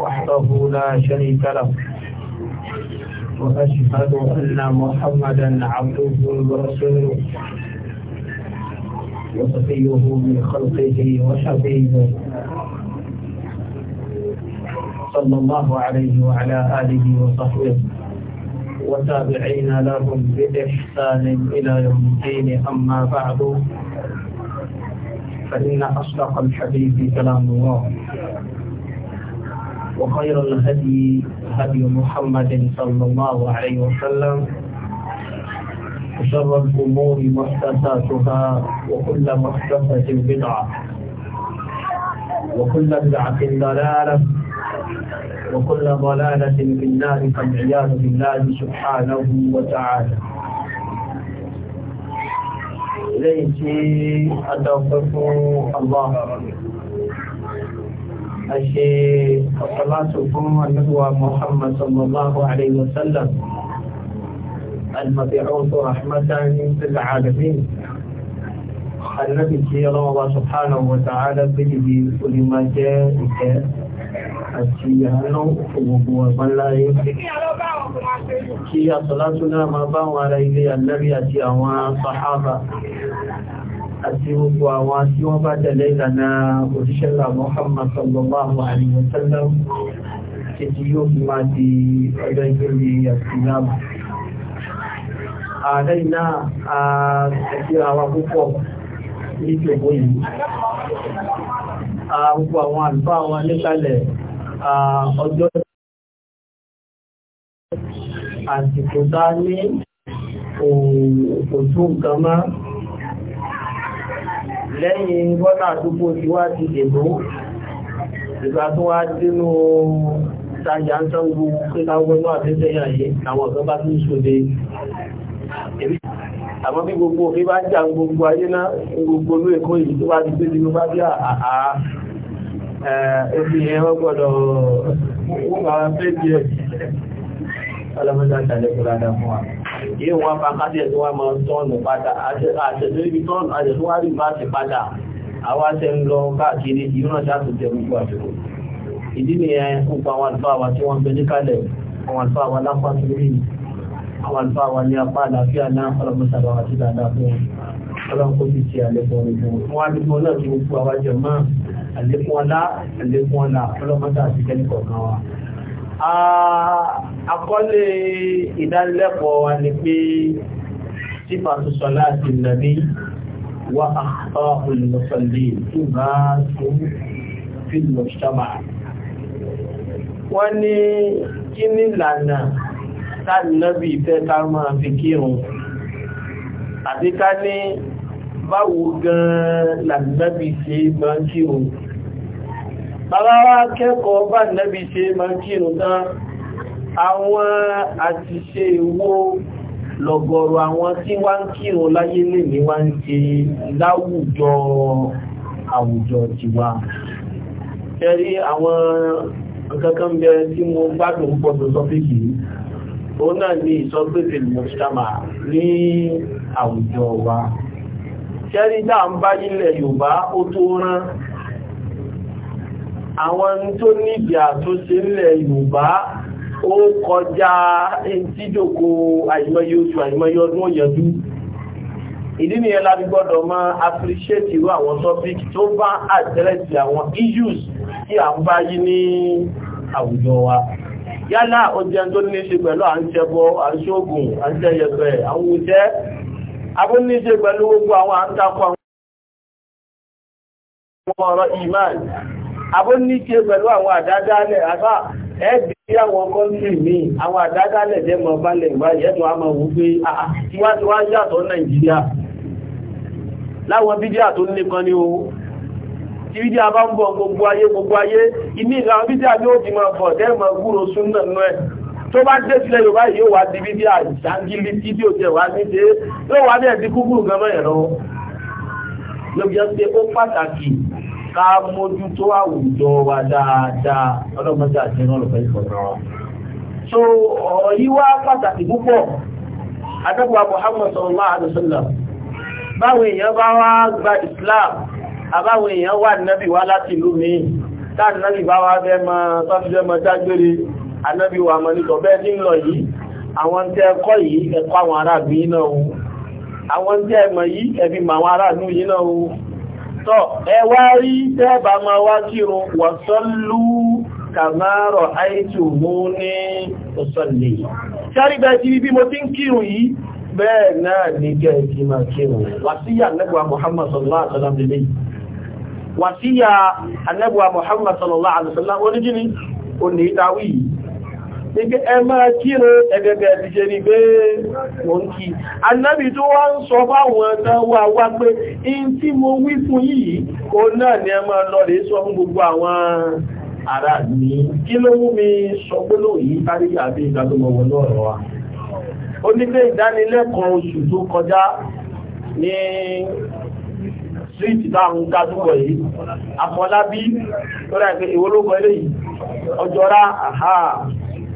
وحده لا شريك له وأشهد أن محمدا عبده ورسوله وصفيه من خلقه وحبيبه صلى الله عليه وعلى آله وصحبه وتابعين لهم بإحسان إلى يوم الدين أما بعد فإن أصدق الحديث كلام الله وخير الهدي هدي محمد صلى الله عليه وسلم وشر الأمور محدثاتها وكل محدثة بدعة وكل بدعة ضلالة وكل ضلالة في النار فالعياذ بالله سبحانه وتعالى إليه أتوقف الله àṣe ọ̀sọ̀láṣọ fún ànábíwá Muhammad sallallahu alayhi wa sallam المبعوث رحمة للعالمين النبي صلى الله سبحانه وتعالى به كلما جاء àti àánú ògbògbò ọ̀gbọ́n láyé. Kí àsọ̀látún náà máa bá àwọn ará ilé àlẹ́rí àti àwọn sàhábà àti gbogbo àwọn tí wọ́n bá tẹ̀lé ìlànà òṣìṣẹ́lá Muhammad sallallahu alaihi wasallam ṣe tí yóò fi máa di ọjọ́ ìgbèrè àtìyàmù àdẹ́yìn náà àti àwọn púpọ̀ ní ìjọba yìí gbogbo àwọn àlùfáà wọn níkàlẹ̀ ọjọ́ àsìkò tá ní òtún nǹkan máa lẹ́yìn bọ́nà àdúgbò tí wá ti dèbò ìgbà tó wá dínú tajà ń sánwó pé káwọn náà àwọn ọ̀gá bá tún ṣòde àmọ́ bí gbogbo òfin bá jà gbogbo ayé náà gbogbo olú èkó yìí tó bá ti pé nínú bá bí àà ẹ̀fìn yíò wọ́n fa káṣẹ̀ tó wá máa tọ́ọ̀nù padà àṣẹ̀tọ́ ibi tọ́ọ̀nù àṣẹ̀tọ́ wá rí bá ti padà àwọn aṣẹ ń lọ káàkiri ìrìnà ṣáàtù jẹ gbogbo àṣẹ̀kò ìdí nìyẹn púpọ̀ àwọn àlùfáà wa tí wọ́n gbé ní kalẹ̀ àwọn àlùfáà wa lápá tó rí àwọn àlùfáà wa ní apá àlàáfíà náà ọlọ́mọṣàlọ́ àti dáadáa fún wọn ọlọ́pọ̀ ti ṣe àlékún ọlá àlékún ọlá ọlọ́mọdá àti kẹ́lẹ́kọ̀ọ́ wa Àkọlé ìdánilẹ́kọ̀ọ́ wa ni pé sífàtú sọláàtì nàbí wà àkọ́ olùmọ̀sọ̀lẹ̀ tó bá tún fílmù ṣọ́mà. Wọ́n ní kí ní lànà tánàbí ìfẹ́ ká fi kírun. Àti ká ní báwo gan-an lànàbí ṣe máa kírun bàbá wa kẹ́kọ̀ọ́ bá nẹ́bí ṣe máa kírun tán àwọn àtiṣe ìwó lọ̀gọ̀rọ̀ àwọn tí wá ń kírun láyé lè ní wá ń ṣe láwùjọ àwùjọ tiwa kẹrí àwọn nǹkankan bẹ tí mo gbádùn pọ̀tọ̀ sọ́fíkì òun náà ní ìsọgbẹ́fẹ̀ àwọn tó níbi àtúnṣe nílẹ̀ Yorùbá ó kọjá tí jòkó àìmọye oṣù àìmọye ọdún òyẹ̀dú ìdí nìyẹn la fi gbọ́dọ̀ máa appreciate irú àwọn topic tó bá address àwọn issues tí à ń bá yí ní àwùjọ wa yálà ó jẹ́ tó ní ṣe pẹ̀lú à ń ṣẹbọ à ń ṣóògùn à ń ṣẹyẹpẹ̀ àwọn òṣẹ́ abúníṣe pẹ̀lú gbogbo àwọn à ń takọ àwọn ọ̀rọ̀ imán àbó ní ṣe pẹ̀lú àwọn àdádálẹ̀ àbá ẹ̀ẹ́dì sí àwọn kọ́ńtì míì àwọn àdádálẹ̀ jẹ́ mọ̀ balẹ̀ ìwádìí ẹ̀tùn àmọ́ wù pé ah, ah, tiwantiwa ń yàtọ̀ nàìjíríà láwọn bídíà tó ní kan ní o tí bídíà bá ń bọ̀ gbogbo ayé gbogbo ayé ìní ìlànà bídíà ni ó ti máa bọ̀ tẹ́ mọ̀ gúrò súnà náà ẹ̀ tó bá dé sílẹ̀ yorùbá yóò wá di bídíà ìṣàngílí tí tí ó jẹ́ wá ní ṣe yóò wá bẹ́ẹ̀ di kúkúrú gan mọ́ ẹ̀rọ lóbi ọ́ pé ó pàtàkì ká mójútó àwùjọ wa dáadáa ọlọ́mọdé àti ẹran ọlọ́pàá ìfọ̀rọ̀ so ọ̀rọ̀ yìí wá pàtàkì púpọ̀ adọ́gba Muhammad sallallahu alaihi wasallam báwọn èèyàn bá wá gba Islam àbáwọn èèyàn wà nábì wá láti ìlú mi táà nábì bá wá fẹ́ mọ́ tọ́fífẹ́ mọ́ dágbére anábì wà mọ́ nítọ̀ bẹ́ẹ̀ ní lọ yìí àwọn tẹ́ ẹkọ́ yìí ẹ̀kọ́ àwọn aráàlú yìí náà o àwọn tẹ́ ẹmọ̀ yìí ẹ̀fí mọ̀ aráàlú yìí náà o tọ́ ẹwà rí tẹ́bà ma wá kírun wọ̀sọ́lú kàmárọ̀ àìtù mú ní ọ̀sọ̀lẹ̀ ṣárí bẹ́ẹ̀ ti bí mo ti ń kírun yìí bẹ́ẹ̀ náà ní kẹ́ kí máa kírun wàsíyà nẹ́gbà Muhammad sallallahu alaihi wasallam lè wàsíyà anẹ́gbà Muhammad sallallahu nke ẹ máa kírun ẹgẹ̀gẹ̀ ìṣe ni ń kí. Ànábì tó wá ń sọ fáwọn ọ̀tán wà wá pé, in tí mo wí fún yìí, kò náà ni ẹ máa sọ fún gbogbo àwọn ará ní kí ló mú mi sọ yìí tárí àbí náà rọ̀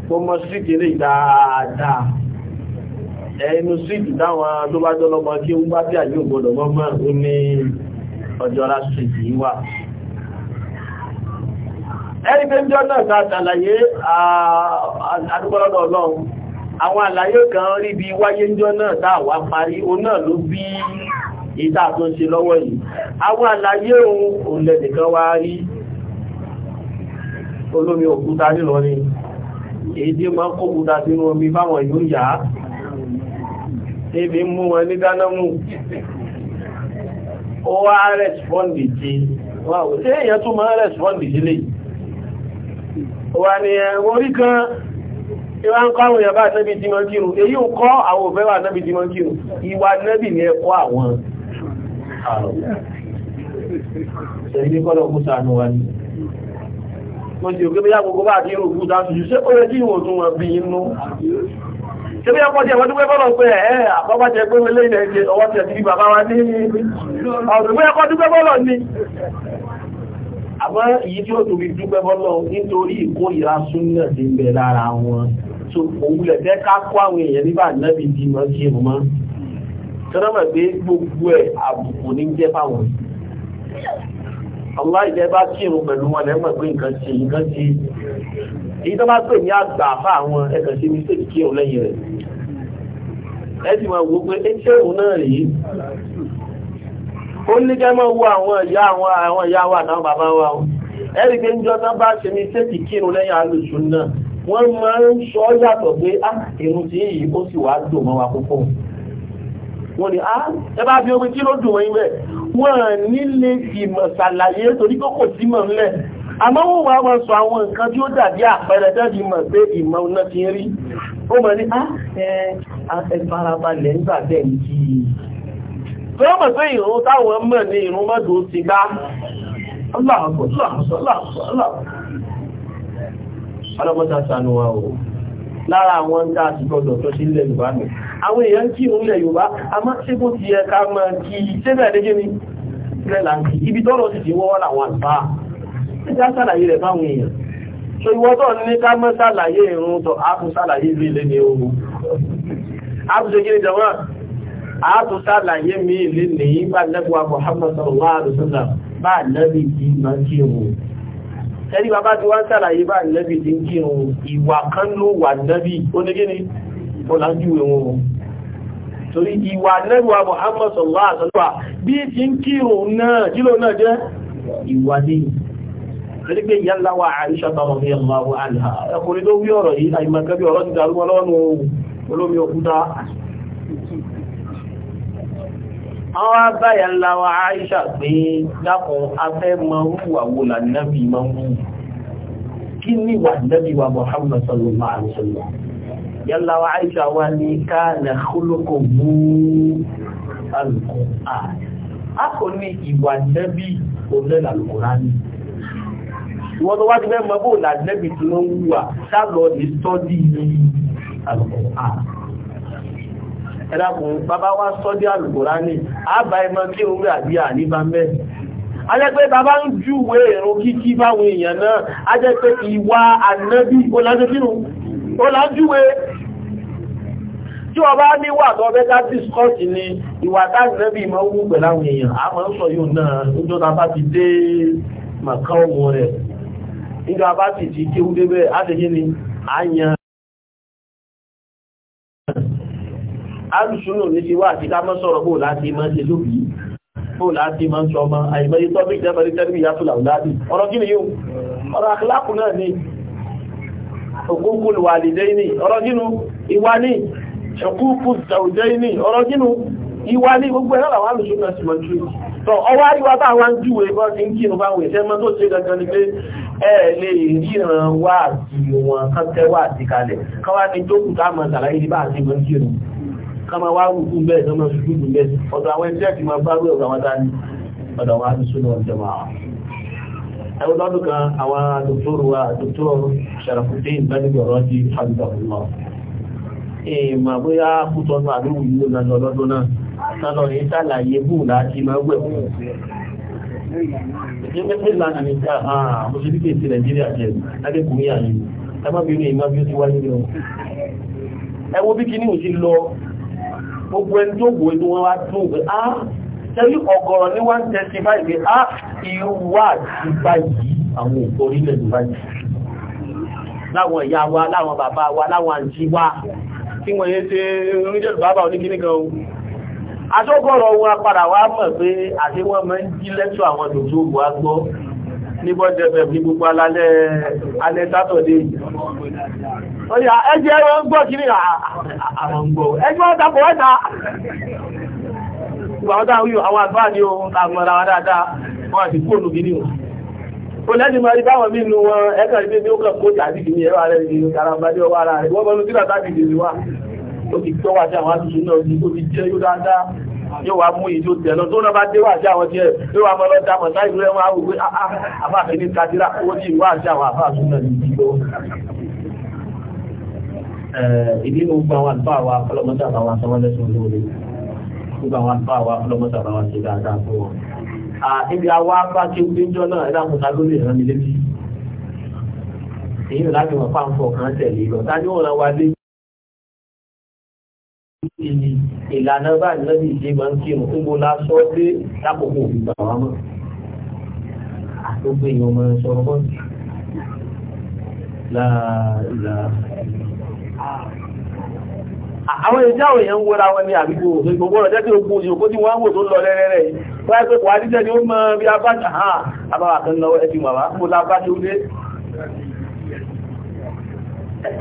kó mọ́ síìtì lè dáadáa ẹnu síìtì dáwọn tó bá jọlọmọ kí ó bá bí àyè ògbọ́dọ̀ mọ́mọ́ ó ní ọjọ́ra síìtì wà ẹni pé jọ náà ta tàlàyé àdúgbọ́lọ́dọ̀ ọlọ́run àwọn àlàyé kan rí bí wáyé jọ náà ìta tó ń ṣe lọ́wọ́ yìí àwọn àlàyé ohun òlẹ̀dẹ̀kan wá rí olómi òkúta nílọ èyí tí máa kó kúta sínú omi fáwọn ìlú yà á ebi mú wọn ní dánámù ó wá rẹ̀sfọ́ndì tí ṣe èyàn tó máa rẹ̀sfọ́ndì sí lè wà ní orí kan ìwà ń kọ́ àwọn ìyàbá àtẹ́bí tí wọ́n kírù èyí ò kọ́ àwọn òfẹ́ wà àtẹ́bí tí wọ́n o ìwà nẹ́bì ní ẹkọ́ àwọn àrùn mo jẹ́ òkè bóyá gbogbo bá àdínrò òkú dáa tùjú ṣé ó yẹ kí ìwọ̀n tún wọn bí inú ṣe bí ẹkọ́ jẹ́ wọ́n dúpẹ́ bọ́lọ̀ pé ẹ̀ àkọ́bá jẹ́ pé wọlé ilẹ̀ ṣe ọwọ́ tẹ̀ sí bàbá wa ní ọ̀dùnmọ́ ẹkọ́ dúpẹ́ bọ́lọ̀ ni àmọ́ èyí tí ó tóbi dúpẹ́ bọ́lọ̀ nítorí ìkórìíra súnmọ̀ sí bẹ̀ lára wọn tó òwúlẹ̀ fẹ́ ká kó àwọn èèyàn nígbà náà bí bí wọ́n ṣe mọ́ tọ́lọ́mọ̀ pé gbogbo ẹ̀ àbùkù ní jẹ́ fáwọn àwọn ìjẹ́ bá kírun pẹ̀lú wọn lẹ́mọ̀ pé nǹkan ti nǹkan ti èyí tó bá pè ní àgbà àfá àwọn ẹ̀kàn sí mistake kí òun lẹ́yìn rẹ̀ ẹ sì máa wo pé ẹṣẹ́ òun náà rèé ó ní kẹ́ mọ́ wo àwọn ìyá àwọn àwọn ìyá wa àtàwọn bàbá wa o ẹ rí pé níjọ́ tán bá ṣe mistake kírun lẹ́yìn alùsù náà wọ́n máa ń sọ yàtọ̀ pé ah èrò tí yìí ó sì wàá dùn mọ́ wa púpọ̀ wọ́n ni ah ẹbá bí omi kí ló dùn wọ́n ibẹ̀ wọ́n nílé ìmọ̀ ṣàlàyé torí pé kò sí mọ̀ ńlẹ̀ àmọ́ wọ́n wá wọn sọ àwọn nǹkan tí ó dàbí àpẹẹrẹ tẹ́lẹ̀ mọ̀ pé ìmọ̀ ọ̀nà ti rí ó mọ̀ ní ah ẹ farabalẹ̀ nígbà tẹ̀ ń kí i tí wọ́n mọ̀ pé ìrún táwọn mọ̀ ní ìrún mọ́dún o, lára àwọn ń dá àti gbọdọ̀ tó sí ilẹ̀ àwọn èèyàn kí òun ilẹ̀ Yorùbá a máa ṣe bó ti yẹ ká kí sẹ́bẹ̀ àdéjẹ́ ni rẹ̀láǹkì ibi tọ́rọ sì ti wọ́wọ́ làwọn àgbà ẹjá sàlàyé rẹ̀ báwọn èèyàn so ìwọ́tọ̀ ní ká mọ́ sàlàyé ìrún tọ́ ápù sàlàyé ilé ní ogun ápù ṣe gírí jọmọ́ ápù sàlàyé mi ilé ní ìgbà Muhammad sallallahu alaihi wasallam bá nẹ́bì tí ma kí ohun ẹni bàbá tí wọ́n sàlàyé bá nẹ́bì tí ń kí ohun ìwà kan ló wà nẹ́bì ó ọ̀làjú ìwọ̀n o torí ìwà nẹ́rùwà Muhammad sallallahu alaihi wasallam bí ti ń kírun náà jílò náà jẹ́ ìwà ní torí pé ìyá ńlá wa Aisha radiyallahu anha ẹkùnrin ló wí ọ̀rọ̀ yìí àìmọ̀kẹ́ bí ọ̀rọ̀ ti dàrú wọn lọ́nu olómi òkúta àwọn abáyà ńlá wa Aisha pé dákun afẹ́ mọ́ yálà wa Aisha wa ní káàlà kólókò bú al-Qur'an a kò ní ìwà nẹ́bí onílẹ̀ al-Qur'an ní wọ́n tó wá ti fẹ́ mọ́ bó là nẹ́bí tí wọ́n wúwà sálọ ní sọ́dí al-Qur'an ẹ̀dàkùn bàbá wá sọ́dí al-Qur'an ní àbá ẹmọ kí orí àbí àníbá bàbá ń júwé ìrun kíkí báwọn èèyàn náà ajẹ́pẹ́ ìwà ànẹ́bí ó lájúwé tí wọ́n bá ní wà tó bẹ́ká discourse ni ìwà tágbẹ́bì ma wú pẹ̀láwọn èèyàn a máa ń sọ yóò náà níjọ́ ta bá ti dé màkà ọmọ rẹ̀ níjọ́ bá ti ti kéwú débẹ̀ ádẹ́yìn ni a yan alùsùnù ní ti wà àti ká mọ́ sọ̀rọ̀ bóò láti máa ṣe lóbi bóò láti máa sọ ọmọ àìmọye tọ́bí ìjẹ́mọ̀lẹ́ tẹ́lẹ̀bí yàtọ̀ làwùdáàdì ọ̀rọ̀ kí ni yóò ọ̀rọ̀ àkìlákù náà ni òkúkú lùwàlìdẹ́ ìwà ní ṣọ̀kúkú ṣàwùjẹ́ ní ọ̀rọ̀ gínú ìwà ní gbogbo ẹ̀rọ àwọn alùsùnà sí mọ̀jú tọ́ ọwá ìwà táwọn ń júwe bọ́ sí ń kí ní báwọn ìṣẹ́ tó ṣe gangan ni pé ẹ lè ríran wá àti wọn kọ́tẹ́ kalẹ̀ kan àwọn wa dòktóró Sharafuddin bẹ́ẹ̀ di fàdúgbà fún èèmọ̀ bóyá kútọ́nù àdúgbò yìí ló lọ náà sálọ ní sàlàyé bù láti máa wẹ̀ fún ìlànà sí ah, ah, nàìjíríà tẹ́lú ah, ọ̀gọ̀rọ̀ ní wọ́n pé á ìwà ti báyìí àwọn òkú orílẹ̀-èdè báyìí láwọn ìyá wa láwọn bàbá wa láwọn àǹtí tí wọ́n yé ṣe oníjẹ̀lú bàbá oníkíní gan ohun aṣọ́gọ́rọ̀ wọn padà wá mọ̀ pé àti wọ́n mọ́ ń jí lẹ́tọ̀ àwọn tòótó ògbò agbọ́ níbọ̀ jẹ́fẹ̀ bí gbogbo alálẹ́ alẹ́ sátọ̀dé ìgbà wọ́n dáa wíwọ̀ àwọn àgbà olẹ́dì máa rí báwọn nínú wọn ẹ̀kà ìgbé ní ó kàn kó tàbíkì ní ẹwà rẹ̀ ní karambadé ọwọ́ ara rẹ̀ wọ́n mọ́nú tíra tàbíkì ní wà ó ti tọ́wà sí àwọn àtúnṣe náà ní ó ti jẹ́ yóò dáadáa yóò wá mú ìjó tẹ̀ lọ tó náà bá dé wà sí àwọn tiẹ̀ yóò wá mọ́ lọ dámọ̀ sáì rẹ̀ wọn àwọn òwe àfáàfẹ́ ní kadira ó ní ìwà sí àwọn àfáàfẹ́ náà ní ìjó ìdí ní gbogbo àwọn àlùfáà wa ọlọ́mọdé àbáwọn sọmọlẹ́sùn lóore gbogbo àwọn àlùfáà wa ọlọ́mọdé àbáwọn ṣe dáadáa fún wọn ibi àwa bá kí o péjọ náà ẹ̀dá mọ̀ta ló lè rán mi létí èyí láti mọ̀ fáǹfọ̀ kan tẹ̀lé lọ tájú wọn wá dé ìlànà bá ìlànà ìṣe máa ń kírun fún gbọ́lá sọ pé lákòókò ìgbà wa mọ́ àtúgbò èèyàn máa ń sọ̀rọ̀ bọ́ láàlá àwọn ìjáwò yẹn ń wọ́ra wọn ní àbíkò gbogbo ọ̀rọ̀ jẹ́ kí ogun òyìnbó tí wọ́n ń wò tó lọ rẹ́rẹ́rẹ́ pẹ́ẹ́pẹ́ kò adíjẹ́ ni ó mọ́ bí a bá jà hàn àbára kan lọ ẹbí wà wá mo lábá ní orí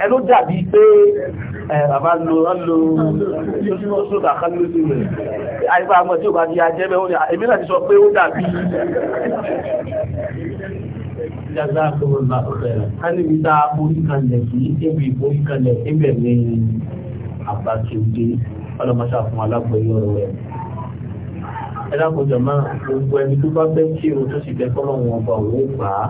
ẹ ló dàbí pé bàbá lo ọlọ sódà kan lójú rẹ̀ àyíká àmọ́ tí ò bá di ajẹ́bẹ́ ní àbákíndé ọlọ́mọṣà fún alágbèyí ọ̀rọ̀ rẹ̀. ẹ dákòjọ máa gbogbo ẹni tó bá fẹ́ kí o tó sì fẹ́ kọ́lọ́ wọn bá òun gbà á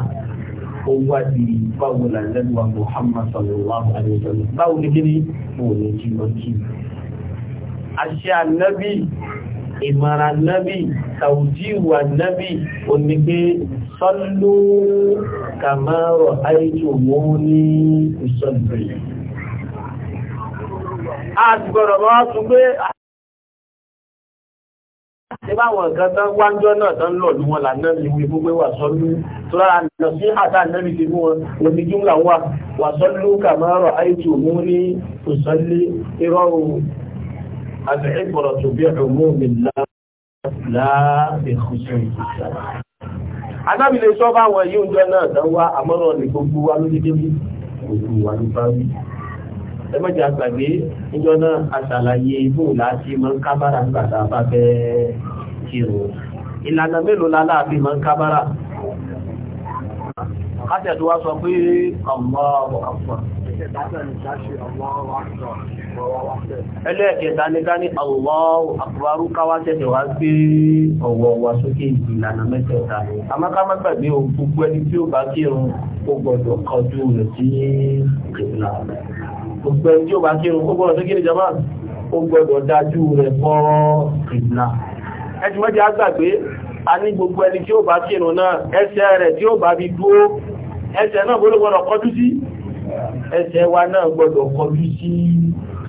ó wá di báwo là lẹ́nu wa Muhammad sallallahu alayhi wa sallam báwo ni kíni mo lè jí lọ kí. àṣẹ ànábì ìmọ̀ràn ànábì tàwùjíwù ànábì onígbé sọ́lú kàmárọ̀ àìjò mọ́ ní ìsọ̀lẹ̀ àtìgbọ̀rọ̀ máa tún gbé Ìbáwọn nǹkan tán wájọ́ náà tán lọ̀ ní wọn lànà ní ìwé gbogbo wà sọ́lú tó lára lọ sí àtà nẹ́bí ti mú wọn omi jùmlà wà wà sọ́lú kàmárọ̀ àìtì òmú ní òsọ́lé ìrọ̀rùn àti ìpọ̀rọ̀ tó bí ọmọ mi láàbẹ̀kùsọ̀ ìgbésà ẹmọ́jà gbàgbé níjọ́ náà aṣàlàyé ibò láti mọ́ ń kábára gbàdá bá fẹ́ kírun ìlànà mélòó láàbí mọ́ ń kábára kátẹ̀tù wá sọ pé Allahu Akbar ẹlẹ́ẹ̀kẹta ní ká ní Allahu Akbar káwá tẹ̀tẹ̀ wá gbé ọ̀wọ̀ wà sókè ìlànà mẹ́tẹ̀ẹ̀ta àmákámá gbàgbé gbogbo ẹni tí ó bá kírun ó gbọ́dọ̀ kọjú rẹ̀ sí ìlànà gbogbo ẹni tí ó bá kírun ó gbọ́dọ̀ sí kí ni jama ó gbọ́dọ̀ dájú rẹ̀ fọ́ ìlà ẹjú mẹ́jẹ agbàgbé a ní gbogbo ẹni tí ó bá kírun náà ẹsẹ̀ rẹ̀ tí ó bá fi dúró ẹsẹ̀ náà bó ló gbọ́dọ̀ kọjú sí ẹsẹ̀ wa náà gbọ́dọ̀ kọjú sí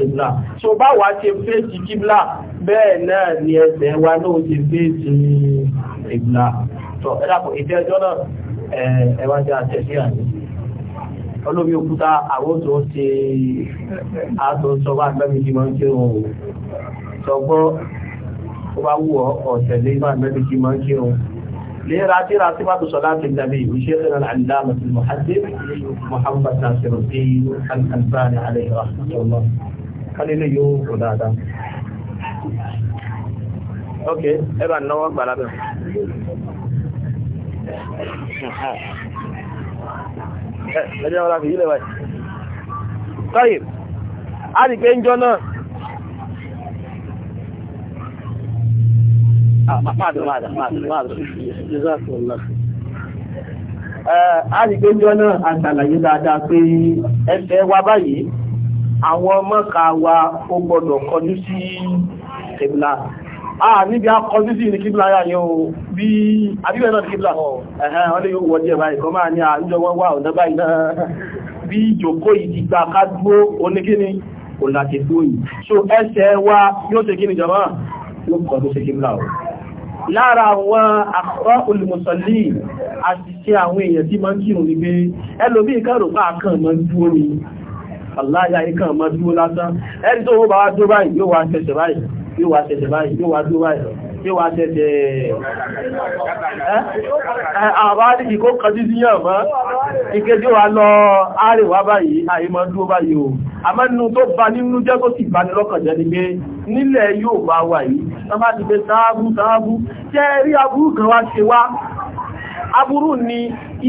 ìlà tó bá wá ṣe fèsì kíblà bẹ́ẹ̀ náà ni ẹsẹ̀ wa náà ṣe fèsì ìlà tó ẹ̀dàpọ̀ ìfẹ́ ẹjọ́ náà olómi òkúta àwọn tó ṣe àtúnṣọ́ bá gbẹ́mí jí máa ń kí òun sọgbọ́ ó bá wù ọ ọ̀tẹ̀lé bá gbẹ́mí jí máa ń kí òun lera tí ra tí bá tó sọlá ti dàbí ìwé ṣe ẹ̀rọ àdáàmà tí muhaddib muhammad nasiru tí al-albani alayhi rahmatullah yóò kò dáadáa ok ẹ bá náwó gbàlábẹ̀ ẹjẹ́ ọ̀rọ̀ àfihì lẹ́wàá sọ́yìn a rí pé ń jọ náà a rí pé ń jọ náà àtàlàyé dáadáa pé ẹsẹ̀ wa báyìí àwọn wa ó gbọ́dọ̀ kọjú sí Ah, a níbi akọjú sí ní kíblà yà yóò bí àbíbẹ̀ náà kíblà ẹ̀hẹ́n wọ́n lè yóò wọ́n díẹ̀ báyìí kọ́ máa ní àjọwọ́ wà ọ̀dọ́ báyìí náà bí ìjòkó ìdí gba kádúró oníkíní òlàtẹ̀dó yìí so ẹsẹ̀ wa yóò ṣe kíní jọmọ́ yóò kọjú sí kíblà ọ̀ lára àwọn àkọ́ olùmọ̀sọ̀lì àṣìṣe àwọn èèyàn tí máa ń kírun ní pé ẹlòmí ìkẹ́rò pàá kàn máa ń dúró ni aláyà ikàn máa dúró ẹni tó wọ́n bá wá dúró báyìí yóò wá ń tẹ̀sẹ̀ báyìí yóò wá tẹ̀tẹ̀ báyìí yóò wá dúró báyìí yóò wá tẹ̀tẹ̀ àwọn àdìkì kó kọjú sí yàn mọ́ ìkéjì wà lọ àríwá báyìí àìmọ́ dúró báyìí o àmọ́ nínú tó bá nínú jẹ́ tó sì bá ní lọ́kàn jẹ́ ni pé nílẹ̀ yóò bá wà yìí aburú ni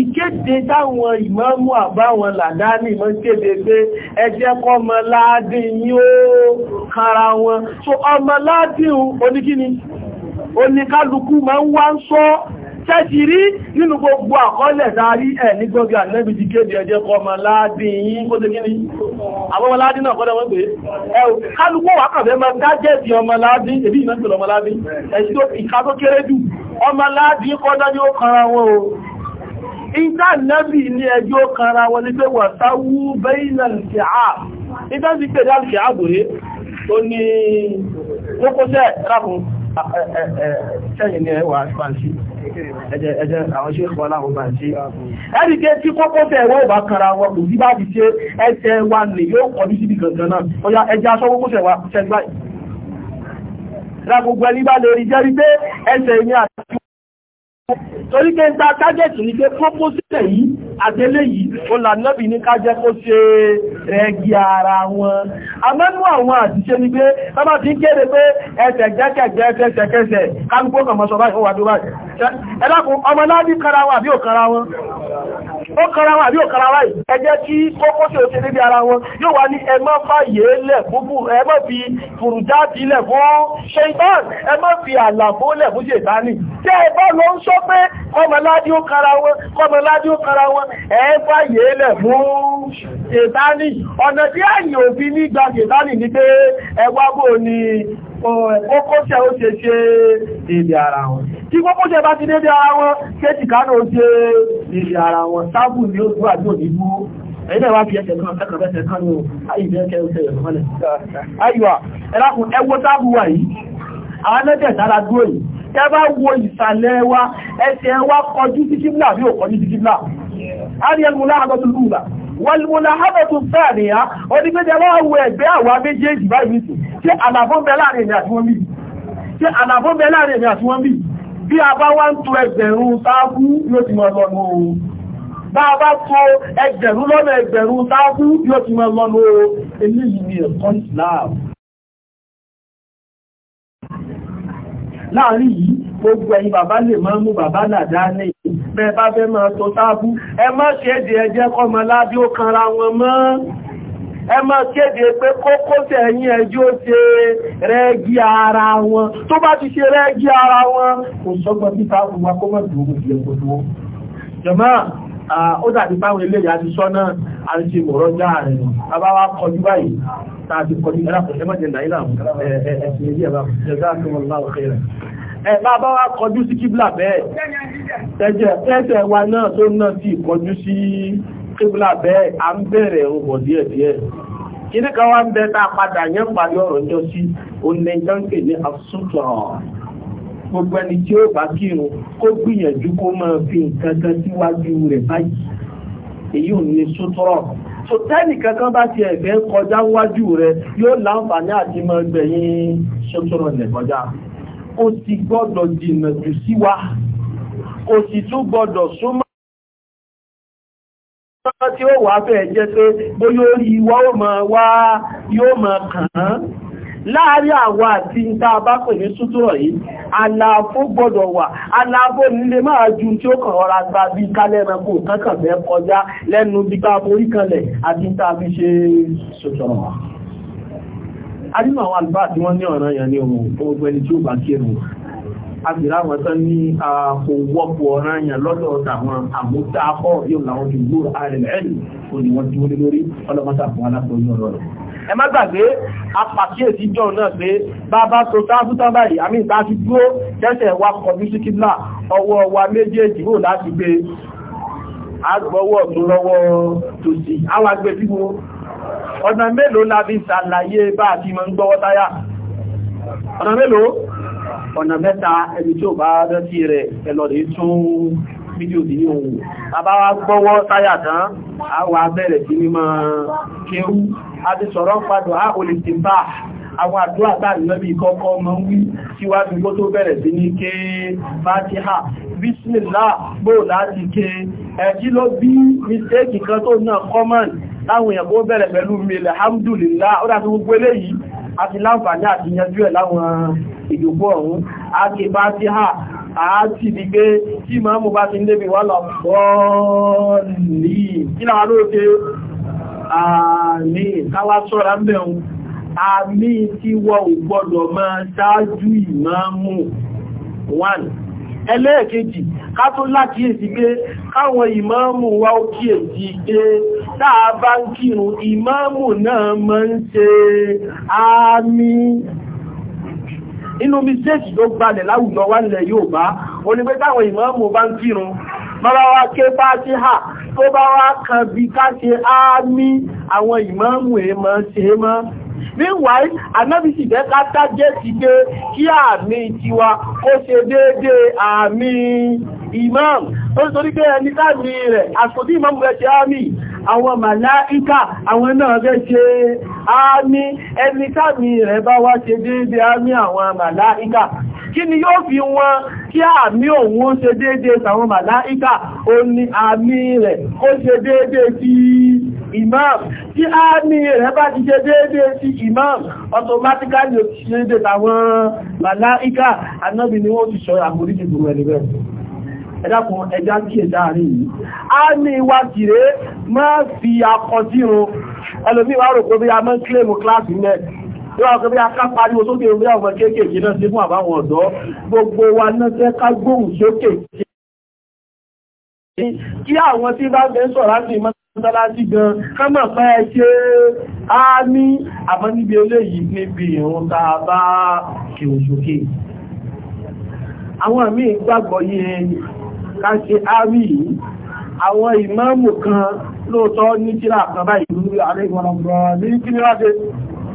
ìkéde táwọn ìmáàmù àbáwọn làdáni mọ́ kéde pé ẹjẹ́ kọ́ ọmọ ládín ní ó kára wọn so ọmọ ládín oníkíni oníkálukú máa ń wá ń sọ́ ṣẹ́ṣì rí nínú gbogbo àkọọ́lẹ̀ sáárí ẹ̀ ní gbogbo ànẹ́bì ti kéde ẹjẹ́ kọmọ ládín yín kó tẹ́ kíní àwọ́mọ ládín náà kọ́dọ̀ wọ́n pé ẹ̀wù kálùkù wà kàfẹ́ mọ́ gájẹ́ẹ̀tì ọmọ ládín èbí ìnáṣẹ́ ọmọ ládín ẹ̀ṣì tó ìka tó kéré jù ọmọ ládín kọ́dọ̀ ni ó kanra wọn o ìta nẹ́bì ní ẹjọ́ kanra wọn ní pé wọ́n sáwú bẹ́ẹ̀nà ìṣẹ́à ìta sì pè ní àṣẹ́ àbòrè tó ní kókóṣẹ́ ráfún Ah, eh, eh, eh, sẹ́yìn ní ẹwà àṣìpàṣì ẹjẹ́ àwọn ṣe pọ̀ láwọn bá ṣe ẹni pé tí kókó tẹ ẹwọ́ ìbá kara wọn kò sí bá ti ṣe ẹsẹ̀ wa lè yóò kọjú síbi gangan náà ó yá ẹjẹ́ aṣọ kókó tẹ wa ṣẹ́ni báyìí ra gbogbo ẹni bá lè rí jẹ́rí pé ẹsẹ̀ ìní àti torí pé ń ta tágẹ́tì ní pé kókó sí tẹ̀ yìí àtẹ́lẹ̀ yìí ó là nọ́bì ní kájẹ́ kó ṣe rẹ̀gì ara wọn amẹ́nu àwọn àtìṣẹ́ ni pé tọ́bá ti ń kéde pé ẹsẹ̀ jẹ́kẹ̀jẹ́ ẹsẹ̀kẹsẹ̀ kálùkù ọkàn mọ́sọ̀ báyìí ó wà dúbà ẹ̀dàkùn ọmọ láti kara wọn àbí òkara wọn ó kara wọn àbí òkara wọn ẹ jẹ́ kí kókó tí ó ṣe níbi ara wọn yóò wá ní ẹ má fàyè lẹ̀ gbogbo ẹ tí ó kara wọn ẹ̀ẹ́fà yìí lẹ̀ fún ṣètánì ọ̀nà tí àyìn òfin ní gba ṣètánì ní pé ẹgbàgbò ni kókóṣẹ́ ó ṣe ṣe èdè ara wọn tí kókóṣẹ́ bá ti dédé ara wọn kéjì kánà ó ṣe èdè ara wọn sábù ni ó gbọ́ àjò nígbó ẹ̀yìn wá fi ẹsẹ̀ kan ẹkànlẹ́sẹ̀ kan ní àìyíkẹ́ ẹsẹ̀ ìrọ̀mọ́lẹ̀ ayíwá ẹlákùn ẹwọ́ sábù wà yìí àwọn mẹ́tẹ̀ẹ̀ta la dúró yìí tẹ́bá wo ìsàlẹ̀ wa ẹsẹ̀ wa kọjú sí kíblà bí ò kọjú sí kíblà arielmula agbọ́tún lúùlà wọlmula agbọ́tún fẹ́ẹ̀nìyà onígbẹ́jẹ́ wọ́n wo ẹgbẹ́ àwa méjèèjì báyìí sí ṣé àlàfo bẹ láàrin èmi àti wọ́n bí ṣé àlàfo bẹ láàrin èmi àti wọ́n bí bí a bá wá ń láàrin yìí gbogbo ẹ̀yin bàbá lè máa mú bàbá làdá ní bẹ́ẹ̀ bá fẹ́ máa tó tábú ẹ má kéde ẹjẹ́ kọmọ lábí ó kanra wọn mọ́ ẹ má kéde pé kókósẹ̀ ẹ̀yìn ẹjọ́ ṣe rẹ́gí ara wọn tó bá ti ṣe rẹ́gí ara wọn kò sọ́gbọ́n ó dàbí báwọn ilé ìyá ti sọ́nà àti mọ̀rọ́jà rẹ̀ bàbá wa kọjú báyìí tàbí kọjú Bàbá wa kọjú sí kíblà bẹ́ẹ̀. Ẹ̀jẹ̀ wa náà tó náà sí kọjú sí kíblà bẹ́ẹ̀, a ń bẹ̀rẹ̀ ọgbọ̀ díẹ̀ díẹ̀. Kí ní kan wá ń bẹ́ tá padà yẹn pàdé ọ̀rọ̀ jọ sí, ó ní ìjọ́ ń pè ní àṣútọ̀ gbogbo ẹni tí ó bá kírun kó gbìyànjú kó máa fi nǹkan kan síwájú rẹ̀ báyìí èyí ò ní sótọ́rọ̀ so tẹ́nì kankan bá ti ẹ̀fẹ́ kọjá wájú rẹ̀ yóò láǹfààní àti máa gbẹ̀yìn sótọ́rọ̀ lẹ̀ kọjá ó ti gbọ́dọ̀ dìnà jù sí wa kò sì tún gbọ́dọ̀ súnmọ́ tí ó wà fẹ́ jẹ́ pé bó yóò wa ó máa wá yóò máa kàn án láàárín àwọn àti ìta àbápè ní sútúrọ̀ yìí àlàfo gbọ́dọ̀ wà àlàfo nílé máa ju tí ó kàn ọ̀rá gba bí kálẹ́ranko kankan fẹ́ kọjá lẹ́nu bí bá borí kanlẹ̀ àti ìta fi ṣe sọ̀tọ̀rọ̀ wà alínú a sì ráwọn tán ní àkòwọ́pọ̀ ọ̀ràn yẹn lọ́dọ̀ àwọn àmúta akọ́ yóò làwọn jùgbó àrẹ̀lẹ́ẹ̀lì òní wọ́n dúró lórí ẹ má gbàgbé apàkíyèsí jọ náà pé bàbá tó tábútán báyìí àmì ìbájú dúró tẹ́sẹ̀ wa kọjú sí kíblà ọwọ́ wa méjèèjì rò láti gbé agbọ́wọ́ tó lọ́wọ́ tó sí àwọn agbẹ́ tí mo ọ̀nà mélòó la fi ṣàlàyé bá àti mọ́ ń gbọ́wọ́ táyà ọ̀nà mélòó ọ̀nà mẹ́ta ẹni tí ó bá rántí rẹ̀ ẹlọ́rẹ̀ tún fídíò sí ní ohun àbáwá gbọ́wọ́ táyà tán àwọn abẹ́rẹ̀ sí mímọ́ kéwú àti sọ̀rọ̀ ń padà á olè ti bá àwọn àdúrà táàrí lọ́bí kọ́kọ́ mọ́ ń wí síwájú kó tó bẹ̀rẹ̀ sí ní ké fàtíhà bísmìlá bó láti ké ẹ̀kí ló bí mistéèkì kan tó náà kọ́mọ̀n láwọn èèyàn kó bẹ̀rẹ̀ pẹ̀lú mẹ́lẹ̀ hamdùlélá ó dá gbogbo eléyìí àti láǹfààní àti yanjú ẹ̀ láwọn ìjòkó ọ̀hún àti fàtíhà àti ìdígbé bá ti ń débi wà lọ bọ́ọ̀lì kí láwọn lóòkè àmì káwà sọ́ra mẹ́un àmì tí wọ́n ò gbọ́dọ̀ máa ṣáájú ìmáàmù 1 ẹlẹ́ẹ̀kejì ká tó lákìíyèsí pé káwọn ìmáàmù wá ó kíyèsí pé táà bá ń kírun ìmáàmù náà máa ń ṣe àmì inú mi séèkì tó gbalẹ̀ láwùjọ wá nílẹ̀ Yorùbá onígbé táwọn ìmáàmù bá ń kírun bàbá wa ké bá sí hà tó bá wá kan bí ká ṣe ámì àwọn ìmáàmù èèmọ̀ ṣe mọ́ meanwhile anabi sì fẹ́ ká tájẹ́ sí pé kí àmì tiwa ó ṣe déédéé àmì imam ó ń torí pé ẹni káàmì rẹ̀ àṣòdí imam rẹ̀ ṣe àmì àwọn màláíkà àwọn náà rẹ̀ ṣe àmì ẹni káàmì rẹ̀ bá wá ṣe déédéé àmì àwọn màláíkà kí ni yóò fi wọn kí àmì òun ṣe déédé tàwọn màláíkà ó ní àmì rẹ̀ ó ṣe déédé sí imam tí àmì rẹ̀ bá ti ṣe déédé sí imam automatically ó ti ṣe déédé tàwọn màláíkà anábì ni wọ́n ti sọ àmúrídì gbogbo ẹni bẹ́ẹ̀ ẹ̀dàkùn ẹja kí ẹja àárín yìí a ní ìwà tìrẹ máa fi akọ sírun ẹlòmíwà rò pé bí a mọ́ kílèmù kíláàsì mẹ́rin Ìwọ̀n kò bí a ká pariwo sókè orí àwọn kéékèèké náà sí fún àbáwọn ọ̀dọ́. Gbogbo wa náà jẹ́ ká gbóhùn sókè. Kí àwọn tí bá bẹ́ sọ̀rọ̀ láti mọ́sálásí gan, ká mọ̀ pé ẹ ṣe á ní àmọ́ níbi eléyìí níbi ìrún tá a bá kìrò sókè. Àwọn míì gbàgbọ́ yẹ ká ṣe á rí yìí àwọn ìmáàmù kan lóòótọ́ ní kíra àkàbá ìlú àrẹ́gbọ̀nàgbọ̀n ní kíra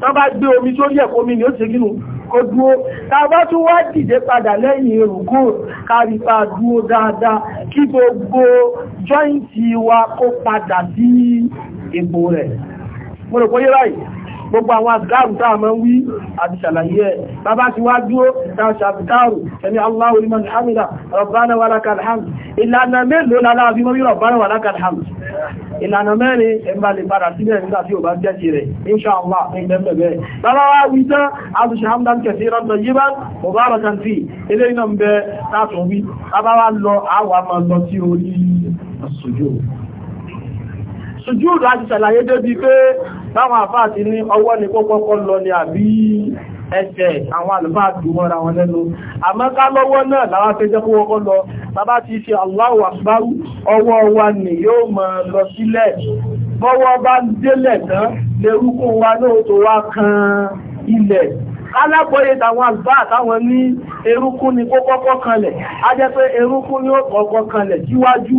tó bá gbé omi tó yẹ kómi ni ó ti gínú kó dúó ta bá tún wá dìde padà lẹ́yìn èrùgbò kárípa dúó dáadáa kí gbogbo jọ́ìntì wa kó padà sí egbò rẹ̀ mo rò pé gbogbo àwọn àsìkáàrù táà mọ́ wí àti ṣàlàyé ẹ̀ bàbá ti wá dúró táà ṣàfikàrù ẹni Allahu liman hamida rabbana wa lakal hamd ìlànà mélòó lára bí mọ́ rabbana wa lakal hamd ìlànà mẹ́rin ẹ̀mbà lè padà sílẹ̀ nígbà tí ó bá jẹ́ sí rẹ̀ inṣàlá ìgbẹ̀mẹ̀bẹ̀ bàbá wá wí tán àtúnṣe hamdan kathiran sùjúùdù àti ṣàlàyé débi pé táwọn àfáà ti ní ọwọ́ ní kọ́kọ́kọ́ lọ ní àbí ẹsẹ̀ àwọn àlùfáà dùn mọ́ra wọn lẹ́nu àmọ́ ká lọ́wọ́ náà láwọn afẹ́jẹ́ kó wọ́kọ́ lọ bàbá ti ṣe Allahu Akbar ọwọ́ wa nì yóò mọ̀ lọ sílẹ̀ tàwọn àgbà àtàwọn ní erúkún ni kó kọ́kọ́ kanlẹ̀ a jẹ́ pé erúkún ni ó kọ́kọ́ kanlẹ̀ síwájú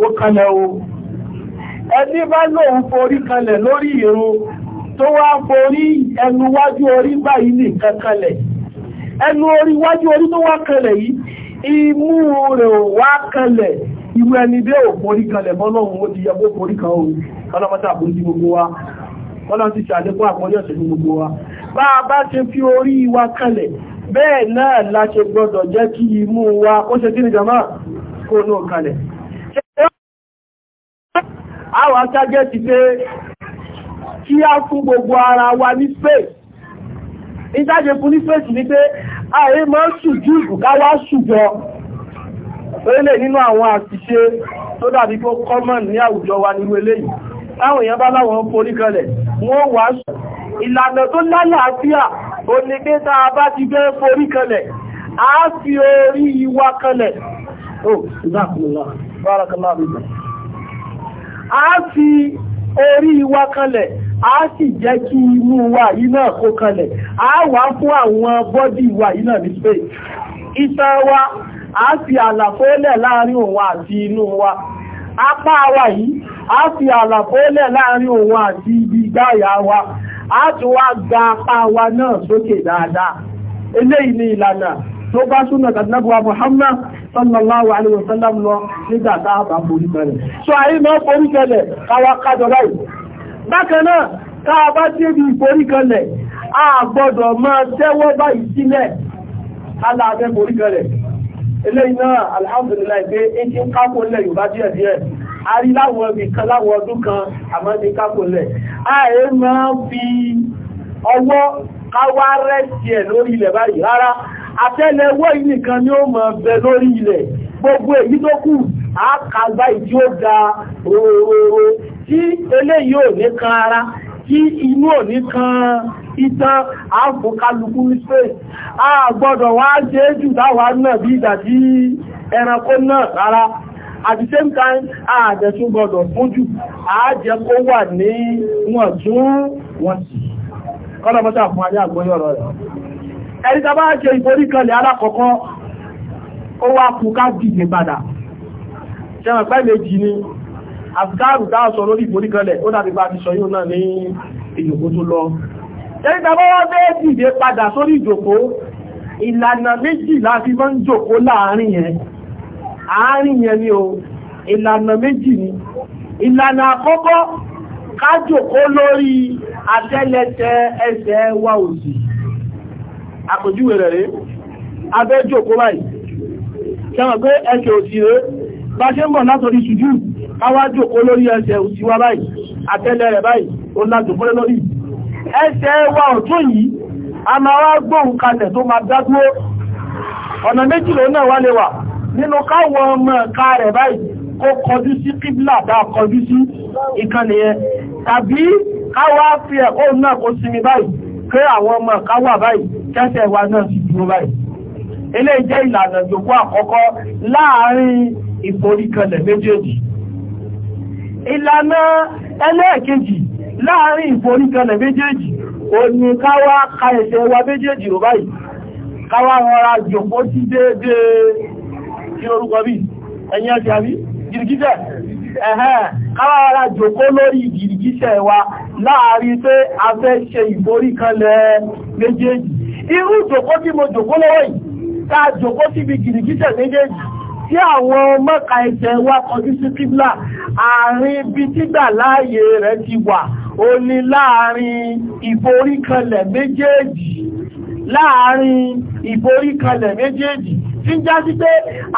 ó kanlẹ̀ o ẹni bá lóun forí kanlẹ̀ lórí ìrun tó wá forí ẹnu wájú orí báyìí nìkan kanlẹ̀ ẹnu orí wájú orí tó wá kalẹ̀ yìí imú rẹ̀ wá kalẹ̀ irú ẹni dé ò forí kanlẹ̀ bọ́lọ́run ó ti yẹ kó forí gbogbo wa ti àpọ́jọ́ gbogbo wa bá a bá wa bẹ́ẹ̀ náà gbọ́dọ̀ jẹ́ wa ó ṣe kí ni àwọn akájẹ́ ti pé kí á fún gbogbo ara wa ní space ìdájẹ́ fún ní space ní pé ààrẹ máa ń ṣùjú ìbùkáwá ṣùjọ orílẹ̀ nínú àwọn àṣìṣe tó dàbí kó common ní àwùjọ wa nínú eléyìí táwọn èèyàn bá láwọn forí kanlẹ̀ wọ́n wá ìlànà tó lálàáfíà ó ní pé tá a bá ti gbẹ́ forí kanlẹ̀ a fi orí ìwà kanlẹ̀ oh ìdákùnlá bárakàlá àbúgbà a fi orí wa kanlẹ̀ a sì jẹ́ kí inú wa yìí kó a wà fún àwọn bọ́dì wa yìí ní space wa a fi àlàfo láàrin òun àti inú wa apá wa yìí a fi àlàfo láàrin òun àti ibi gbáyà wa a tún wá gba apá wa náà sókè dáadáa eléyìí ni ìlànà tó sallallahu alaihi wasallam lọ nígbà tá a bá forí kalẹ̀ so àyè máa forí kalẹ̀ káwa kájọ báyìí bákan náà tá a bá débi ìforí kalẹ̀ a gbọ́dọ̀ máa tẹ́wọ́ báyìí sílẹ̀ aláàfẹ́ forí kalẹ̀ eléyìí náà alhamdulillah àtẹ́lẹwọ́ yìí nìkan ni ó mọ̀ bẹ lórí ilẹ̀ gbogbo èyí tó kù àkàgbà ìdí ó ga rororo tí eléyìí ò ní kan ara tí inú ò ní kan ìtàn àfòkálukú ní space a gbọ́dọ̀ wá ṣe jù dáwà náà bí ìgbà tí ẹranko náà rárá at the same time ààdẹ̀tún gbọ́dọ̀ fún jù ààjẹ́ kó wà ní wọ̀n tún wọ̀n sí kọ́lọ̀mọ́ta fún adé àgbóyọ̀rọ̀ rẹ̀ ẹ̀ríta bá ṣe ìforí kanlẹ̀ alákọ̀ọ́kọ́ ó wá kú ká dìde padà ṣẹ́wọ̀n pẹ́ méjì ni àfikáàrù dáa sọ lórí ìforí kanlẹ̀ ó dàbí bá ti sọ yóò náà ní ìjòkó tó lọ ẹ̀ríta bá wá fẹ́ dìde padà sórí ìjòkó ìlànà méjì la fi máa ń jòkó láàárín yẹn àárín o ìlànà méjì ni ìlànà àkọ́kọ́ ká jòkó lórí àtẹ́lẹsẹ̀ ẹsẹ̀ wa òsì àpèjúwe rẹ̀ rẹ̀ abẹ́jò kó báyìí ṣẹ́wọ̀n pé ẹsẹ̀ òsì rẹ̀ bá ṣe ń bọ̀ látọ̀rí ṣùjú káwájò kó lórí ẹsẹ̀ òsì wa báyìí àtẹ́lẹ̀ rẹ̀ báyìí ó lájò kó lórí ẹsẹ̀ wa ọ̀tún yìí a máa wá gbóhùn kalẹ̀ tó máa dádúró ọ̀nà méjìlá náà wá lè wà nínú káwọn ọmọ pé àwọn ọmọ ká wà báyìí kẹ́sẹ̀ wa náà sì dúró báyìí ilé jẹ́ ìlànà ìjòkó àkọ́kọ́ láàárín ìforíkanlẹ̀ méjèèjì ìlànà ẹlẹ́ẹ̀kejì láàárín ìforíkanlẹ̀ méjèèjì ó ní káwá ka ẹsẹ̀ wa méjèèjì rò báyìí káwá rọra jòkó sí déédéé kí orúkọ bí ẹ̀yìn ẹ̀sẹ̀ àbí gìrìgìsẹ̀ ẹ̀hẹ́n káwá rọra jòkó lórí gìrìgìsẹ̀ wa láàrin pé a fẹ́ ṣe ìborí kanlẹ̀ méjèèjì irú jòkó tí mo jòkó lọ́wọ́ yìí tá a jòkó síbi gìrìgìtẹ̀ méjèèjì tí àwọn mọ́ka ẹsẹ̀ wa kọjú sí kíblà àárín ibi tígbà láàyè rẹ̀ ti wà ó ní láàrin ìborí kanlẹ̀ méjèèjì láàrin ìborí kanlẹ̀ méjèèjì tí ń já sí pé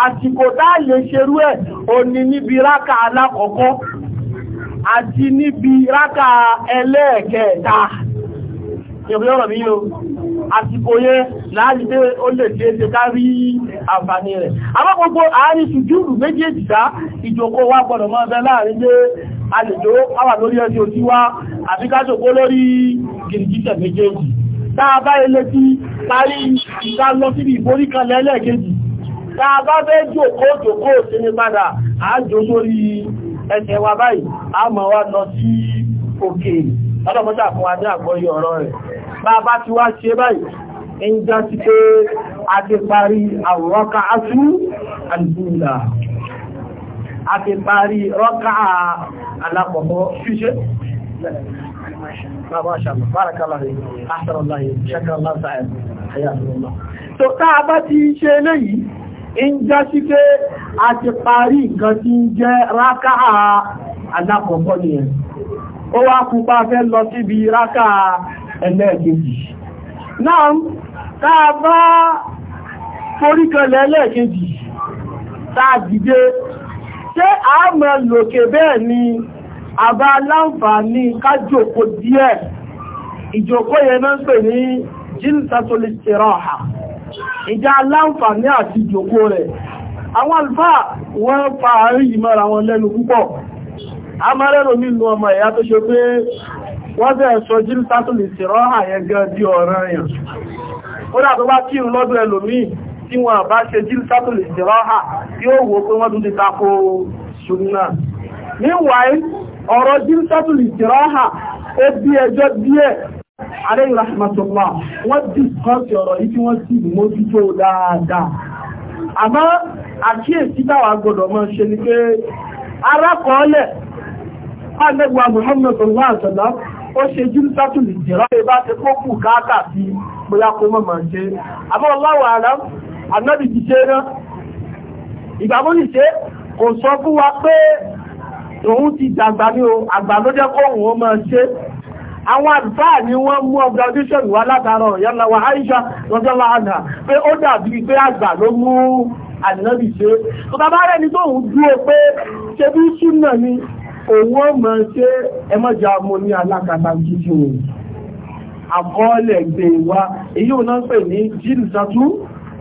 àsìkò tá ṣerú ẹ̀ òní níbi rákà alákọ̀ọ́kọ́ àti níbi rákà ẹlẹ́ẹ̀kẹta ìrìn ọ̀rọ̀ mi yóò àsìkò yẹ láàrí pé ó lè ṣe ṣe ká rí àǹfààní rẹ̀. àwọ́gbogbo àárín ṣùjúrù méjèèjì sá ìjòkó mọ́ láàrin pé a lè jò wà lórí ẹni òjú wá àbí ká lórí gìrìgìtẹ̀ méjèèjì ilé tí parí ìta lọ kan fẹ́ ẹsẹ̀ wa báyìí a mọ̀ wá lọ sí òkè ọlọ́pọ̀tà fún adé àgbọ́yé ọ̀rọ̀ rẹ̀ bá bá ti wá ṣe báyìí ń já sí pé a ti parí àwọ̀rọ̀ká asú àdúgbà a ti parí rọ́ká alápọ̀pọ̀ fíṣẹ́ So, tá a ti ṣe eléyìí, ń já sí pé a ti parí nǹkan tí ń jẹ́ rákà alákọ̀ọ́kọ́ nìyẹn ó wá kú bá fẹ́ lọ síbi rákà ẹlẹ́ẹ̀kejì náà táa bá foríkanlẹ̀ ẹlẹ́ẹ̀kejì táa ṣé a mọ̀ lòkè bẹ́ẹ̀ ni àbá láǹfààní kájòkó díẹ̀ ìjòkó yẹn náà ń pè ní jílùtàtòlìsìráhà ìjà aláǹfààní àti ìjòkó rẹ̀ àwọn àlùfáà wọ́n fa àárín yìí mọ́ra wọn lẹ́nu púpọ̀ a máa rẹ́rọ nínú ọmọ ìyá tó ṣe pé wọ́n fẹ́ sọ jírí sátòlì sí rọ́hà yẹn gan di ọ̀rọ̀ yẹn ó dà tó bá kí alayhi rahmatullah wọ́n discuss ọ̀rọ̀ yìí tí wọ́n sì mójútó dáadáa àmọ́ àkíyèsí táwa gbọ́dọ̀ mọ́ ṣe ni pé arákọọ́lẹ̀ pàdẹ́gbà Muhammad sallallahu alaihi wasallam ó ṣe jírísátù lè jẹ́rọ ìbá ti kó kù káàkà sí bóyá kó mọ́ màá ṣe àmọ́ ọláwọ̀ àrá ànábì ti ṣe rán ìgbàmú ní ṣe kò sọ fún wa pé òun ti dàgbà ní o àgbà ló jẹ́ kóhùn ó máa ṣe àwọn àdúfà ni wọ́n mú ọgbà audition wá látara ìyáńlá wa Aisha lọ́jọ́lá àná pé ó dàbí pé àgbà ló mú ànábì ṣe tó bàbá rẹ̀ ní tóun dúró pé ṣe bí súnà ni òun ọmọ ṣe ẹmọ́jà mo ní alákàtà jíjí òun àkọọ́lẹ̀ gbé wa èyí ò náà pè ní jíìlù sátú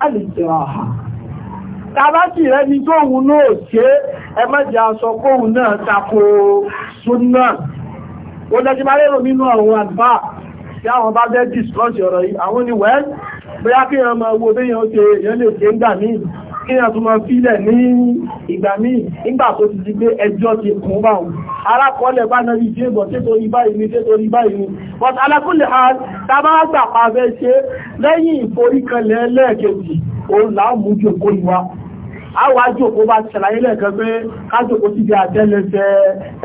àlìsẹ̀rà àhà tàbátì rẹ̀ ni tóun náà ṣe ẹmọ́jà sọ kóun náà tako súnà kó dẹ́jú bá lérò nínú àwọn àgbà tí àwọn bá jẹ́ discuss ọ̀rọ̀ yìí àwọn ni wẹ́n bóyá kí èèyàn máa wo bí èèyàn ṣe èèyàn lè ṣe ń gbà míì kí èèyàn tún máa fílẹ̀ ní ìgbà míì nígbà tó ti di ẹjọ́ ti kún bá wọn alákọọ́lẹ̀ bá náà ìṣe ìbọ̀ tí torí báyìí ni tí torí báyìí ni but alákùnlé ha ta bá gbà pa fẹ́ ṣe lẹ́yìn ìforíkanlẹ̀ ẹlẹ́ẹ̀kejì òun làá mú jòkó ìwà àwọn àjòkó bá ṣàlàyé lẹ́ẹ̀kan pé kájòkó ti di àtẹ́lẹsẹ̀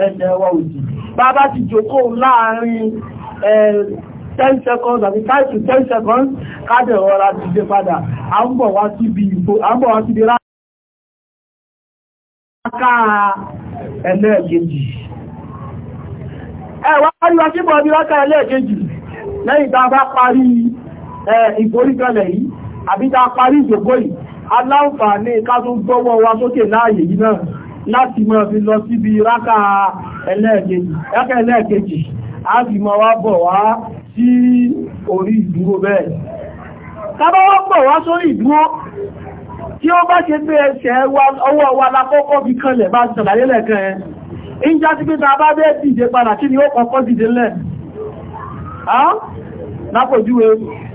ẹ̀lẹ̀ wa òjì bàbá ti jòkó láàrin 10 seconds àti 5 to 10 seconds kájẹ̀ ọ̀rọ̀ ti dé padà à ń bọ̀ wá síbi ìbò à ń bọ̀ wá síbi ráká ẹlẹ́ẹ̀kejì ẹwà àríwá sí bọ̀ bí ráká ẹlẹ́ẹ̀kejì lẹ́yìn tá a bá parí ìforíkalẹ̀ yìí àbí tá a parí ìjòkó yìí aláǹfààní ká tún gbọ́wọ́ wa sókè láàyè yìí náà láti mọ́ fi lọ síbi rákà ẹlẹ́ẹ̀kejì a fi mọ́ wá bọ̀ wá sí orí ìdúró bẹ́ẹ̀ tábá wá bọ̀ wá sórí ìdúró tí ó bá ṣe pé ẹsẹ̀ ọwọ́ wa lákọ́kọ́ fi kanlẹ̀ bá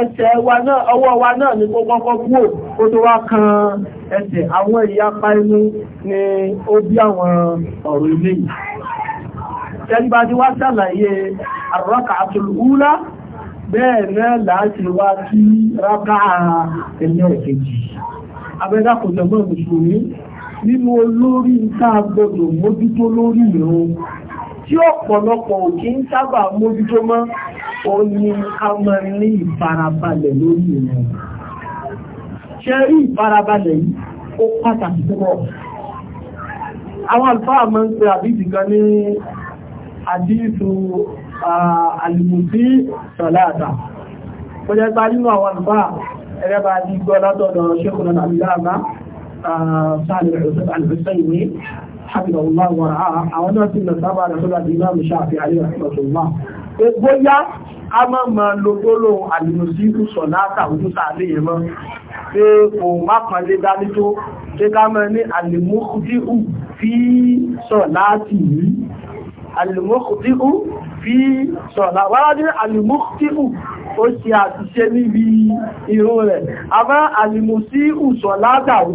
ẹsẹ̀ ọwọ́ wa náà ni kó kọ́kọ́ kúrò kó tó wá kan ẹsẹ̀ àwọn ìyapa inú ni ó bí àwọn ọ̀rọ̀ ilé yìí tẹ́líbá ti wá ṣàlàyé àrọ́kà àtòlúúlá bẹ́ẹ̀ náà láti wá kí rákà ẹlẹ́ẹ̀kejì abẹ́dá kò jọmọ́ mùsùlùmí nínú olórí ìta gbọdọ̀ mójútó lórí ìrún tí ọ̀pọ̀lọpọ̀ òkè ń sábà mójútó mọ́ oní ká máa ní ìfarabalẹ̀ lórí ìrìn ṣe rí ìfarabalẹ̀ yìí ó pàtàkì púpọ̀ àwọn àlùfáà máa ń pe àbíjì kan ní àdíṣù àlùmùsí sọ̀láàtà ó jẹ́ pa nínú àwọn àlùfáà ẹgbẹ́ حفظه الله ورعاه àwọn náà sì lọ sábà rẹ̀ sọ́dọ̀ àti imáàmù ṣáàfi àríwá ìrọ̀tọ̀lá bóyá a máa ma lo gbólóhùn àlùmọ̀sí ìsọ̀ látàwùjú sàálé yẹn mọ́ pé kò má kan lé dání tó ṣe ká mọ́ ní àlùmọ́kùdíhù fi sọ̀ láti yìí àlùmọ́kùdíhù fi sọ̀ láti wọ́n rájú àlùmọ́kùdíhù ó ṣe àṣìṣe níbi irun rẹ̀ àmọ́ àlùmọ̀sí ìsọ̀ látàwù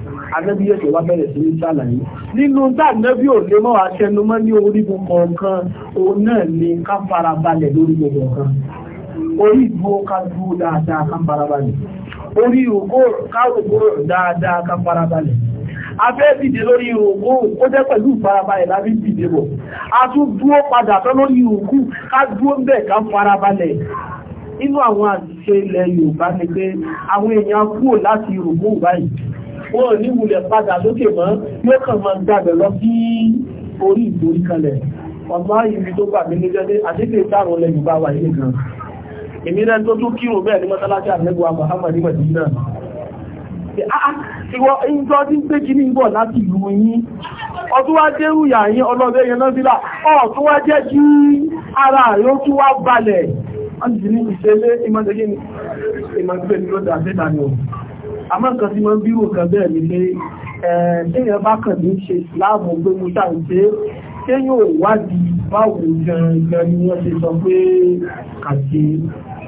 anẹ́bí yóò ṣe wá bẹ̀rẹ̀ sí ní ṣàlàyé nínú tá ò lè mọ́ aṣẹnumọ́ ní orígun kọ̀ọ̀kan òun náà ni ká farabalẹ̀ lórí gbogbo kan orí ìdúró ká dúró dáadáa ká farabalẹ̀ orí ìrògbò ká rògbò dáadáa ká farabalẹ̀ afẹ́ dìde lórí ìrògbò ó jẹ́ pẹ̀lú ìfarabalẹ̀ lábí dìde bọ̀ a tún dúró padà tán lórí ìrògbò ká dúró ń bẹ̀ ká farabalẹ̀ inú àwọn àṣìṣe ilẹ̀ Yorùbá ni pé àwọn èèyàn kúrò láti ìrògbò báyìí wọn ò ní wulẹ̀ padà lókè mọ́ yóò kàn máa gbàgbẹ́ lọ sí orí ìgbórí kalẹ̀ ọmọ ibi tó gbà mí ní jẹ́ àdíkè táwọn lẹ Yorùbá wà ilé gan èmi náà tó tún kírò bẹ́ẹ̀ ní mọ́sálásí àmẹ́gbọ́ Muhammad Madina ah, ah, ìwọ ìjọ tí ń pé kí ní ìbọ̀ láti ìlú yín ọdún wá jẹ́ rúyà yín ọlọ́bẹ̀ yẹn náà sílá ọ̀tún wá jẹ́ kí ara yóò tún wá balẹ̀ àmọ́ nǹkan tí wọ́n ń bírò kan bẹ́ẹ̀ ni pé ẹ̀ẹ́dẹ́yàn bá kàn ní ṣe láàmú pé mo ṣà ń pé ṣé yóò wádìí báwo gan-an ni wọ́n ṣe sọ pé kàṣe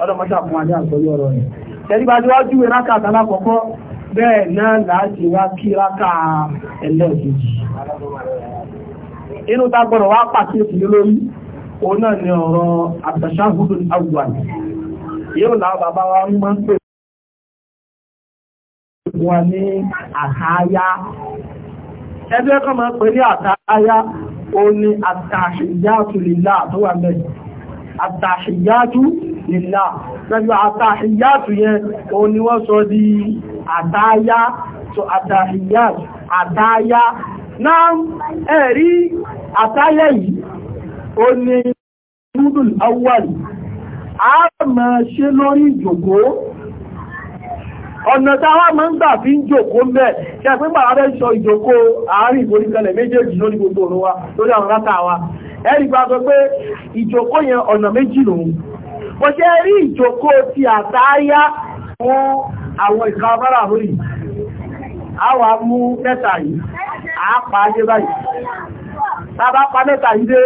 ọlọ́mọdé àfún adé àgbọ́yé ọ̀rọ̀ rẹ̀ tẹ́lí bá níwájú ìrákàtà lákọ̀ọ́kọ́ bẹ́ẹ̀ yóò láwọn bàbá wa ń máa ń pè wọn ní àtàyá ẹgbẹ́ kan máa pè ní àtàyá o ní àtàṣìyàtù lìlá tó wà mẹ́ àtàṣìyàtù lìlá pẹ̀lú àtàṣìyàtù yẹn o ní wọ́n sọ di àtàyá so àtàṣìyàtù àtàyá náà ẹ̀rí ọ̀nà táwa máa ń gbà fi ń jòkó mẹ́ ṣe pé bàbá bẹ́ sọ ìjòkó àárín méjèèjì lórí gbogbo òun wa lórí àwọn látà wa pé ìjòkó yẹn ọ̀nà méjì lòun ṣe rí ìjòkó ti àtáyá fún àwọn lórí mú mẹ́ta yìí ayé báyìí mẹ́ta yìí dé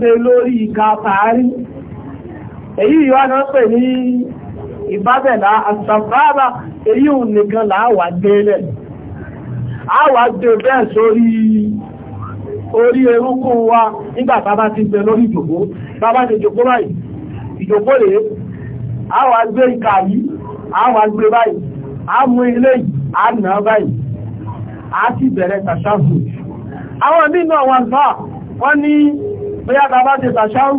yìí lórí ìka èyí yóò náà pè ní ìbábẹ̀lá àtàbábà èyí ò nìkan láàwà gbélẹ̀ àwà gbé bẹ́ẹ̀ sórí orí erúkún wa nígbà bàbá ti gbé lórí ìjòkó bàbá ti jòkó báyìí ìjòkó rẹ̀ àwà gbé ìkà yìí àwà gbé báyìí a mú ilé yìí a nà báyìí a ti bẹ̀rẹ̀ tàṣáhù àwọn nínú àwọn àgbà wọ́n ní bóyá bàbá ti tàṣáhù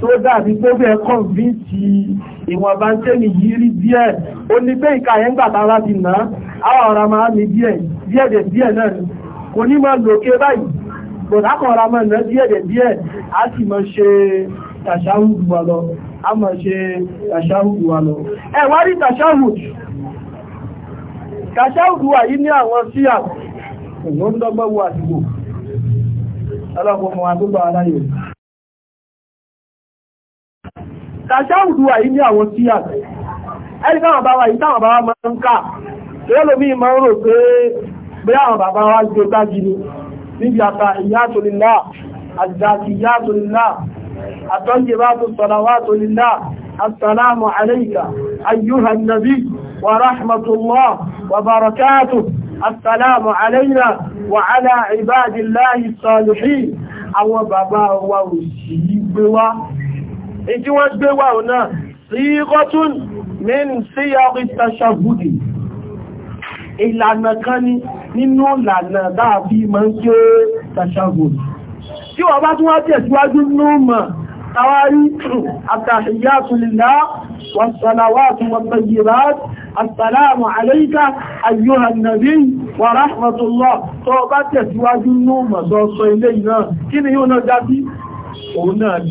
tó dàbí tó bẹ́ẹ̀ kọ̀nvíǹsì ìwọ̀n bá ń tẹ́lì yìí rí díẹ̀ ó ní pé ìka yẹn gbà tara ti nà á àwọn ọ̀rọ̀ máa ní díẹ̀ díẹ̀ náà ni kò ní máa lòkè báyìí bọ̀dá kan ọ̀rọ̀ máa nà díẹ̀dẹ̀ díẹ̀ á sì máa ṣe tàṣáhùdù wa lọ á máa ṣe tàṣáhùdù wa lọ ẹ wá rí tàṣáhùdù tàṣáhùdù wa yìí ní àwọn sí àwọn ìwọ̀n dọ́gbọ́wọ́ àdúgbò ọlọ́pọ̀ mọ̀ àdúgbò aráyè tàṣáwùdú wà ní àwọn tí à ẹni káwọn bàbá yìí táwọn bàbá máa ń ká lẹ́lòmí máa ń rò pé bí àwọn bàbá wá gbé gbági ni níbi àta ìyátòlélà àdàkì ìyátòlélà àtọ́jẹ́ bá tó sọ̀làwátòlélà assalamu alayka ayyuhan nabi wa rahmatullah wa barakatuh assalamu alayna wa ala ibadillahi àwọn bàbá wa ò sí gbé wá ìjí wọ́n gbé wà náà sí rọ́tún min sí ọ̀rìta ṣàbùdì ìlànà kan ní nínú ìlànà dáàbí ma ń ké tàṣàbùdì tí wọ́n bá tún wá tẹ̀síwájú númọ̀ tàwárí àtàhìyàtùlìlá والصلوات والطيبات السلام عليك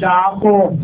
أيها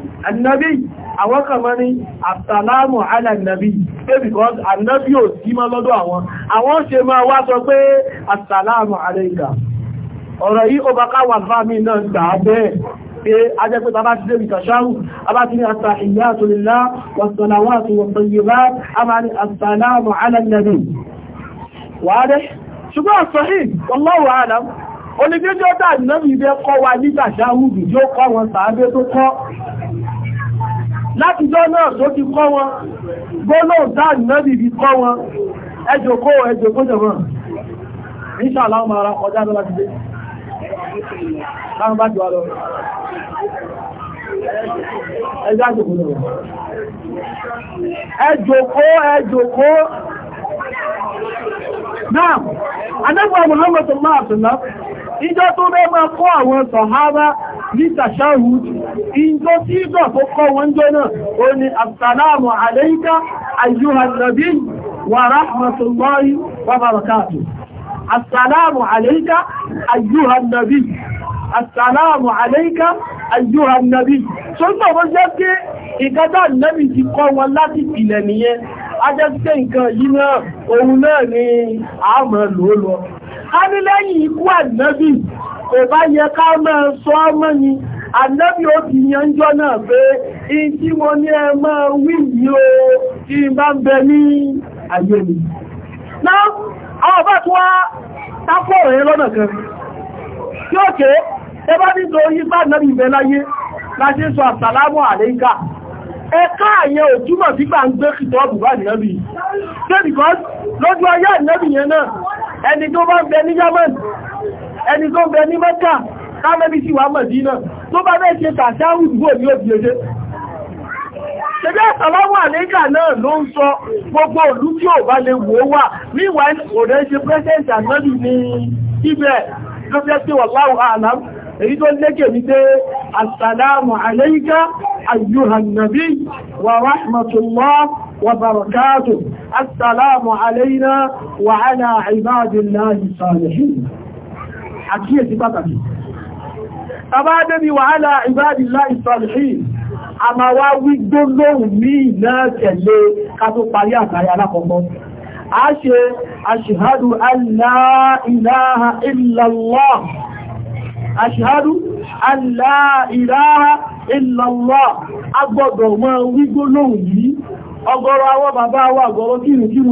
annabi àwọn kan máa ní àtàlámù alànàbí pé because annabi ò sí mọ́ lọ́dọ̀ àwọn àwọn ṣe máa wá sọ pé àtàlámù aláìkà ọ̀rọ̀ yìí ó bá káwà fáàmì náà gbà bẹ́ẹ̀ pé ajẹ́ pé bàbá ti débi tàṣáhù bàbá ti ní àtàhìyàtò lílá wàsànàwàtò wàsànyìbá a máa ní àtàlámù alànàbí wàádẹ́ ṣùgbọ́n àṣọ́hì wallahu alam onígbéjọ́ dà náà ìbẹ́ kọ́ wa nígbà ṣáhùdù kọ́ wọn tàbí tó kọ́ látijọ́ náà tó ti kọ́ wọn gbólóhùn táà nábì fi kọ́ wọn ẹjòkó ẹjòkó jẹ̀mọ́ ìṣàlá ọmọ ara ọjá lọ láti dé láwọn bá jù wá lọ ẹjá jòkó lọ ẹjòkó ẹjòkó náà anẹ́gbà Muhammadu máa tùlá ìjọ tó bẹ́ máa kọ́ àwọn sọ̀hábá níta ṣáhùd ìjọ tí ìgbà tó kọ́ wọn jọ náà ó ní assalamu alayka ayyuhan nabiy wa rahmatullahi wa barakatuh assalamu alayka ayyuhan nabiy assalamu alayka ayyuhan nabiy tó ń bọ̀ jẹ́ pé ìkátà nẹ́bì ti kọ́ wọn láti ìpìlẹ̀ nìyẹn ajẹ́síkẹ́ nǹkan yìí náà òun náà ni àmà lòó kò bá yẹ ká máa sọ ọmọ ni ànábì ó ti yanjọ́ náà pé in tí mo ní ẹ máa wí yìí o tí n bá ń bẹ ní ayé mi náà àwọn ọba tó wá tápọ̀ rẹ̀ lọ́nà kan tí ó kéé ẹbá nítorí yípa náà ìbẹ̀ láyé láti sọ àsàlámù àléíkà ẹ̀ká àyẹ òtúmọ̀ sí gbà ń bá nìyàbì ṣe because lójú ayé ànìyàn náà ẹni tó bá ń bẹ ní German ẹni tó bẹ ní mẹ́ta káàmẹ́bí sí wà Mádínà tó bá bẹ́ẹ̀ ṣe tàṣà ìgbò ní òbíyẹ́ṣẹ́ ṣẹjẹ́ àtàláwọ̀ àlẹ́gà náà ló ń sọ gbogbo òlú tí ò bá lè wò wà níwà òdẹ́ ṣe president assalamu alayna wa ala ibadillahi salihin àkíyèsí pàtàkì tàbá débi wàhálà ìbádìlá ìsọ̀lẹ̀ṣì a ma wá wí gbólóhùn ní ìná tẹ̀lé ká tó parí àtàrí alákọ̀ọ́kọ́ a ṣe aṣìhádù aláìláha illallah aṣìhádù aláìláha illallah a gbọ́dọ̀ mọ́ wí gbólóhùn yìí ọgọ́rọ̀ àwọn bàbá wa gọ́rọ̀ kírùkírù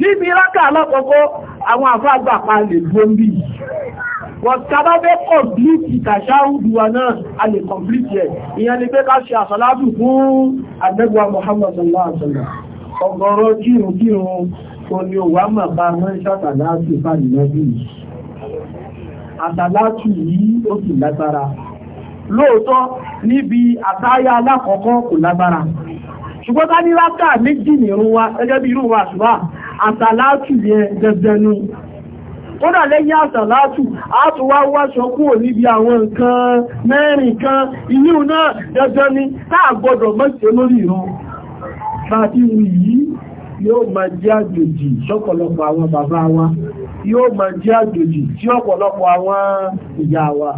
níbi rákà alákọ̀ọ́kọ́ àwọn àfáàgbà pa lè gbóǹbì wọ̀tàbá fẹ́ kọ̀blìtì tàṣáhùdù wa náà a lè kọ̀blìtì ẹ̀ ìyẹn ni pé ká ṣe àṣàlátù fún àdẹ́gbà Muhammad sallallahu alaihi wasallam ọ̀gọ̀rọ̀ kírun kírun kò ní òwà mọ̀ bá mọ́ ṣàtàlátù bá nìyànjú àtàlátù yìí ní rákà méjì wa gẹ́gẹ́ bí irú wa ṣùgbọ́n àsàlátù yẹn dandan ni ó dà lẹ́yìn àsàlátù àtúwá wáṣọ kúrò níbi àwọn nǹkan mẹ́rin kan inú náà dandan ni táà gbọdọ̀ mọ́sẹ̀ lórí ìran bá wù yìí yóò máa jẹ́ àjòjì sọ́pọ̀lọpọ̀ àwọn bàbá wa ó ma jẹ́ àjòjì tí ọ̀pọ̀lọpọ̀ àwọn ìyàwà.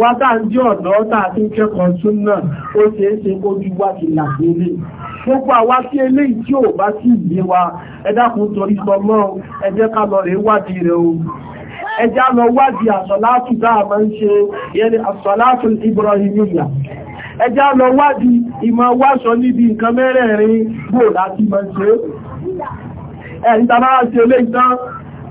wa ń jẹ́ ọ̀dọ́ tàà tí ń kẹ́kọ̀ọ́ tún náà ó ṣe é kójú wá ti gbogbo àwa sí eléyìí tí ò bá sí ìgbé wa ẹ torí sọmọ́ ẹ ká lọ wádìí rẹ̀ o lọ wádìí ma ń ṣe yẹni lọ wádìí ìmọ̀ wáṣọ níbi nǹkan mẹ́rẹ̀ẹ̀rin láti ma ń ṣe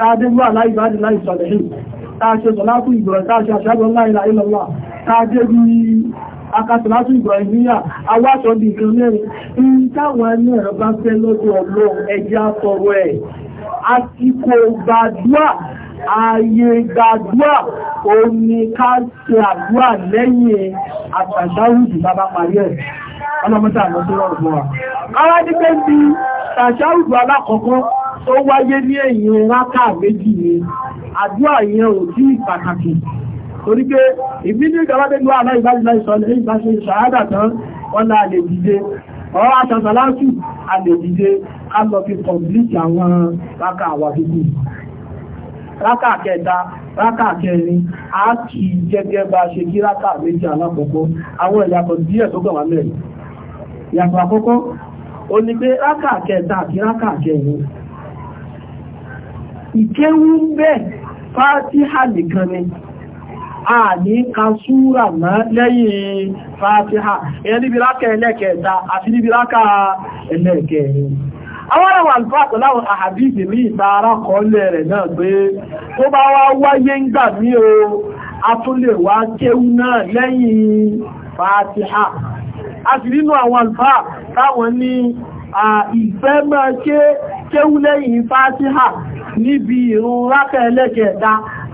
tàádégbà aláìbáàdì láìsọ̀lẹ̀ yìí tàáṣe sọ̀látù ìgbọ̀rẹ̀ tàáṣe àṣàgbọ̀ láìlà ìlọ́lá tàájé bí i akásọ̀látù ìgbọ̀rẹ̀ níyà awáṣọ́ bí ìkan mẹ́rin in táwọn ẹni ẹ̀rọ bá fẹ́ lọ́dọ̀ ọlọ́run ẹjẹ́ àtọrọ ẹ̀ àsìkò gbàdúà ààyè gbàdúà òní ká ṣe àdúà lẹ́yìn àtàṣáwùdì bàbá parí tó wáyé ní ẹ̀yìn rákà méjì ni àdúrà yẹn ò tí pàtàkì torí pé ìbí ní ìgbàlábẹ́lú aláìbájúlá ìsọ̀lẹ̀ ìbáṣe ṣàádà tán wọ́n náà lè dìde ọ̀rọ̀ aṣàṣàlásù a lè dìde a lọ fi kọ̀m̀lìtì àwọn rákà wà fíkù rákà kẹta rákà kẹrin a kì í jẹ́gẹ́ bá ṣe kí rákà méjì alákọ̀ọ́kọ́ àwọn ìyàtọ̀ díẹ̀ tó gbọ̀wà mẹ́rin ìyàtọ̀ àkọ́kọ́ ó ní pé rákà kẹta àti rákà kẹrin ìkéwú bẹ́ẹ̀ fátíhà nìkan ni a ní ka súra mọ́ lẹ́yìn fátíhà èyẹ níbi rákà ẹlẹ́kẹ̀ẹ́ta àti níbi rákà ẹlẹ́kẹ̀ẹ́rin àwọn àwọn alfáàkù láwọn àhàdìsì ní ìtara kọlẹ̀ rẹ̀ náà pé tó bá wá wáyé ń gbà ní o a tún lè wá kéwú náà lẹ́yìn fátíhà a sì nínú àwọn alfáà táwọn ní ìfẹ́ máa ké kéwú lẹ́yìn fásíhà níbi ìrun rákà ẹlẹ́kẹ̀ẹ́ta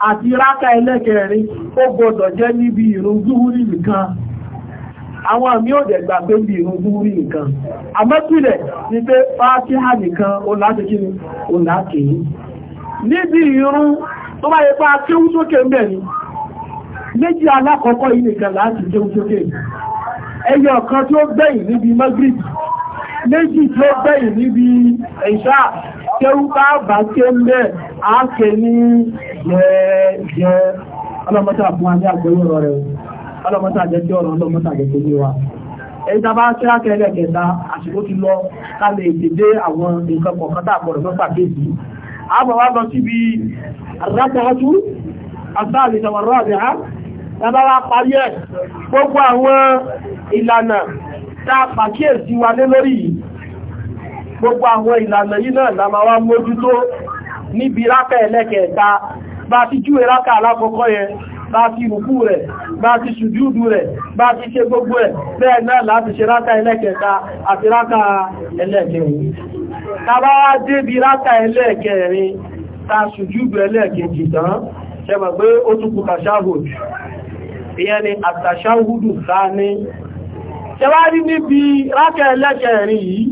àti rákà ẹlẹ́kẹ̀ẹ́rin ó gbọdọ̀ jẹ́ níbi ìrun zúhúrì nìkan àwọn àmì òdẹ̀ gbà pé bí ìrun zúhúrì nìkan àmọ́kìlẹ̀ ni pé fásíhà nìkan ó láti kí ni ó méjì tí ó gbẹ̀yìn níbi ẹ̀ṣà kéwúká bá ké ń bẹ́ àáké ní jẹ́ẹ̀jẹ́ ọlọ́mọ́ta fún àmì àgbóyí ọ̀rọ̀ rẹ̀ ọlọ́mọ́ta jẹ́jẹ́ ọ̀rọ̀ ọlọ́mọ́ta jẹ́jẹ́ ní wa ẹ̀ta bá kírákẹ́ ẹlẹ́gẹ̀ẹ́ta àsìkò ti lọ ká lè tèdé àwọn nǹkan kọ̀ọ̀kan tààbọ̀rọ̀ tó pàkéjì àbọ̀wá lọ síbi àrápọ̀ọ́tú àtàlìsàwọ̀rọ̀ àbẹ̀há tàbá wá parí ẹ̀ gbogbo àwọn ìlànà tá pàkíyèsí wa lé lórí yìí gbogbo àwọn ìlànà yìí náà la máa wá mójútó níbi rákà ẹlẹ́kẹ̀ẹ́ta bá ti júwe rákà alákọ̀ọ́kọ́ yẹn bá ti rùkú rẹ̀ bá ti ṣùjúdù rẹ̀ bá ti ṣe gbogbo ẹ̀ bẹ́ẹ̀ náà láti ṣe rákà ẹlẹ́kẹ̀ẹ́ta àti rákà ẹlẹ́kẹ̀ẹ́rin tàbá wá débi ta ṣùjúdù ẹlẹ́kẹ̀ẹ́jì tán ṣẹwárí níbi rákẹ̀ ẹlẹ́kẹ̀ẹ́rin yìí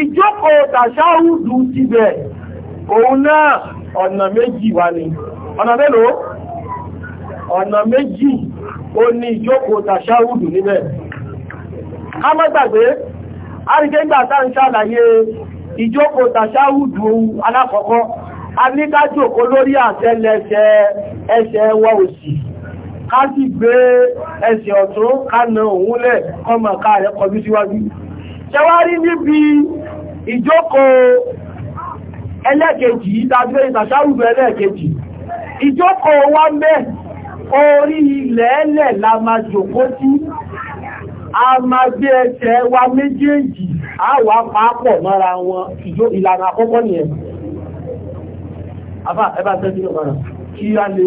ìjókòó tàṣáhùdù ti bẹ̀ òun náà ọ̀nà méjì wà ní ọ̀nà mélòó ọ̀nà méjì ó ní ìjókòó tàṣáhùdù níbẹ̀ ká má gbàgbé àrígẹ́gbàtà ń ṣàlàyé ìjókòó tàṣáhùdù alákọ̀ọ́kọ́ a ní ká jókòó lórí ká sì gbé ẹsẹ̀ ọ̀tún ká na òun lẹ̀ kọmọ ká rẹ̀ kọjú síwájú ṣẹwárí níbi ìjókòó ẹlẹ́kejì tàbí ìtàṣàrùbẹ̀ ẹlẹ́kejì ìjókòó wá mẹ́ orí ilẹ̀ ẹlẹ̀ la máa jókòó sí a máa gbé ẹsẹ̀ wa méjèèjì a wà pàápọ̀ mọ́ra wọn ìlànà àkọ́kọ́ nìyẹn Àbá ẹbá tẹ́sí ọ̀pára kí a lè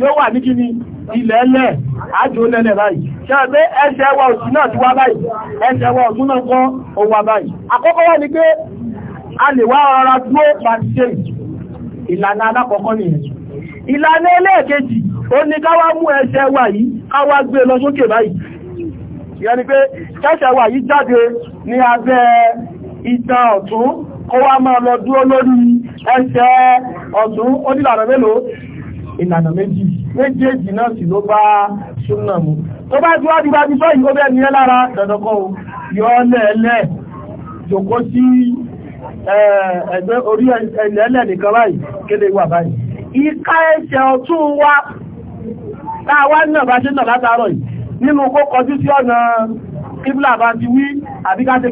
yóò wà ní kíni ilẹ̀ẹ́lẹ̀ àjò lẹ́lẹ̀ báyìí ṣẹ́gbẹ́ ẹsẹ̀ wa òsì náà ti wá báyìí ẹsẹ̀ wa òsùn náà kọ́ ó wá báyìí àkọ́kọ́ wá ní pé a lè wá ọ̀rọ̀ dúró pàṣẹ ìlànà alákọ̀ọ́kọ́ nìyẹn ìlànà wa yìí ká wá gbé lọ sókè báyìí wa yìí jáde ní abẹ́ ìta ọ̀tún kó wá máa lọ dúró lórí ẹsẹ̀ mélòó ìlànà méjì méjèèjì náà sì ló bá súnà mu tó bá tí wá ti bá ti sọ ìgbó bẹ́ẹ̀ nìyẹn lára dandankan o yọ lẹ́ẹ̀lẹ́ jòkó sí ẹgbẹ́ orí ẹlẹ́ẹ̀lẹ́ nìkan báyìí kéde wà báyìí ìka ẹsẹ̀ ọ̀tún wa táwa náà bá ṣe náà látàárọ̀ yìí nínú kó kọjú sí ọ̀nà kíbla bá ti wí àbíká ṣe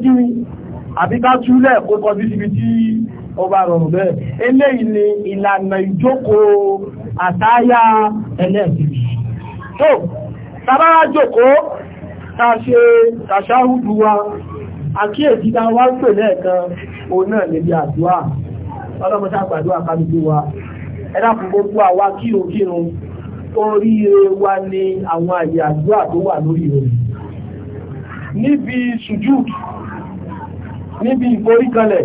ó bá rọrùn bẹ́ẹ̀ eléyìí ni ìlànà ìjókòó àtáyá ẹlẹ́ẹ̀kejì tó tàbára jókòó ta ṣe tàṣáhùdù wa àkíyèsí ta wá pè lẹ́ẹ̀kan òun náà lè bí àdúrà ọlọ́mọta àgbàdúrà kálùkù wa ẹ̀dàkùn gbogbo àwa kírokírun oríire wa ni àwọn àyè àdúrà tó wà lórí rẹ̀ níbi sùjúd níbi ìforíkalẹ̀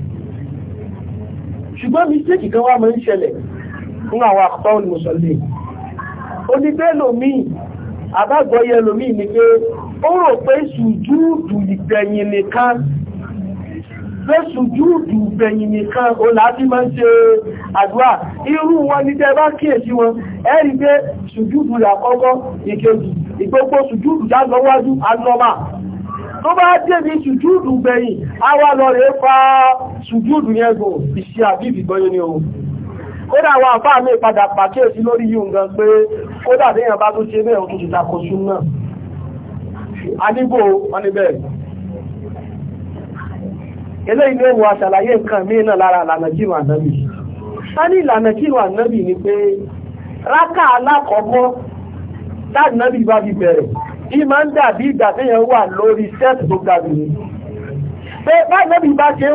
ṣùgbọ́n mistake kan wá máa ń ṣẹlẹ̀ fún àwọn àkọ́kọ́ olùmọ̀sọ̀lẹ̀ oníbẹ́lòmí àbágbọ́yẹ lòmí ni pé ó rò pé sùjúùdù ìgbẹ̀yìn nìkan pé sùjúùdù ìgbẹ̀yìn nìkan ó láti máa ń ṣe àdúrà irú wọn ní tẹ́ bá kíyèsí wọn ẹ rí pé sùjúùdù àkọ́kọ́ ìkejì ìgbógbó sùjúùdù já lọ́wájú alọ́mà tó bá débi sùjúdù gbẹ̀yìn àwa lọ rẹ̀ fa sùjúdù yẹn gùn ìṣẹ́ àbíbì gbọ́yé ni o kódà wà fáà ní ìpadà pàkíyèsí lórí yìí nǹkan pé kódà déyàn bá tó ṣe bẹ́ẹ̀ tó ti tako súnà àdígbò wọn níbẹ̀ eléyìí ni ó wọ aṣàlàyé nǹkan míì náà lára ìlànà jíìmọ̀ alákọ̀ọ́kọ́ táàdì náà bí bá fi bẹ̀rẹ̀ yìí máa ń dàbí ìgbà téèyàn wà lórí sẹ́ẹ̀tì tó ga jù ní pé báyìí bá ṣe ń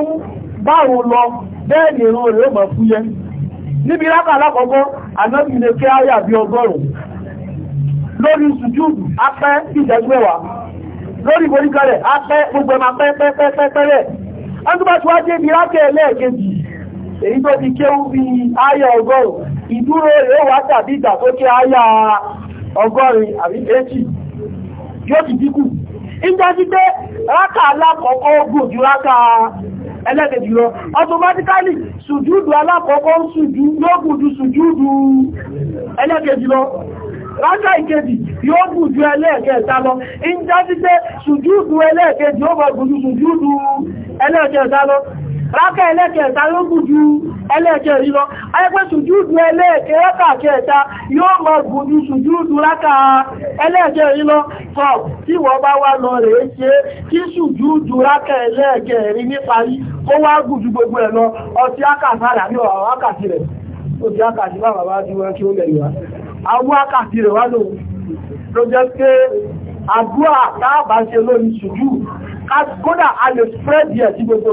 bárun lọ bẹ́ẹ̀ ni irun rẹ̀ ó mọ̀ fúyẹ́ níbi rákà alákọ̀ọ́kọ́ ànábì lè kí áyà bí ọgọ́rùn-ún lórí sùjúdù apẹ́ ìṣẹ́jú mẹ́wàá lórí ìforíkalẹ̀ apẹ́ gbogbo ẹ̀mà pẹ́pẹ́pẹ́pẹ́rẹ́ ẹgbẹ́gbẹ́síwájú ibi rákẹ́ ẹlẹ́ẹ̀kejì èyí ọgọ́rin àbí yóò ti dínkù ìjọ sí pé rákà alákọ̀ọ́kọ́ gùn ju rákà ẹlẹ́gbẹ̀jì lọ automatically sùjúdù alákọ̀ọ́kọ́ sùjú yóò gùn ju sùjúdù ẹlẹ́gbẹ̀jì lọ rákà ìkejì yóò gùn ju ẹlẹ́ẹ̀kẹta lọ ìjọ sí pé sùjúdù ẹlẹ́ẹ̀kejì ó bọ̀ gùn ju sùjúdù lọ rákẹ́ ẹlẹ́kẹ́ ẹ̀ta yóò gùn ju ẹlẹ́kẹ́ rí lọ ayẹ́pẹ́ sùjúùdù ẹlẹ́kẹ́ rákàkẹ́ ẹ̀ta yóò mọ̀ gùn ju sùjúùdù rákà ẹlẹ́kẹ́ rí lọ tọ́ tí wọ́n bá wá lọ ṣe kí ẹlẹ́kẹ́ gbogbo ẹ̀ lọ ọtí ákàtì rẹ̀ ó ti spread yẹ̀ sí gbogbo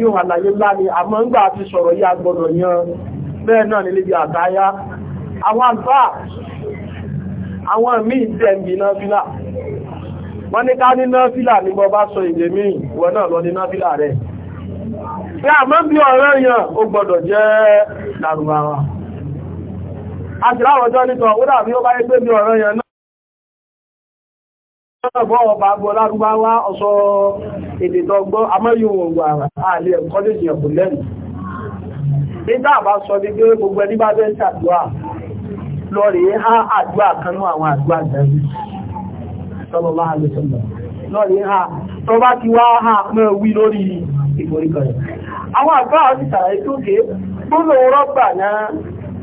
yóò àlàyé ńlá ni Amongba ń gbà ti sọ̀rọ̀ yí agbọ́dọ̀ yan bẹ́ẹ̀ náà nílé bí àtáyá àwọn àlfà àwọn míì tẹ̀m̀bì náà fílà wọ́n ní ká ní náà fílà ní bọ́ bá sọ ìdè míì wọ́n náà lọ ní náà fílà rẹ̀ pé àmọ́ bí ọ̀rẹ́ yàn ó gbọ́dọ̀ jẹ́ lárúbáwá a ọ̀bọ̀ ọba agbọ́ lárúbáwá ọ̀sọ̀ èdè tọgbọ́ àlẹ́ kọ́lẹ̀jì ẹ̀kù lẹ́nu nígbà bá sọ ní pé gbogbo ẹni bá fẹ́ ṣàdúrà lọ rí há kanú àwọn àdúrà ìdẹ́rù sọ́lọ́lá ti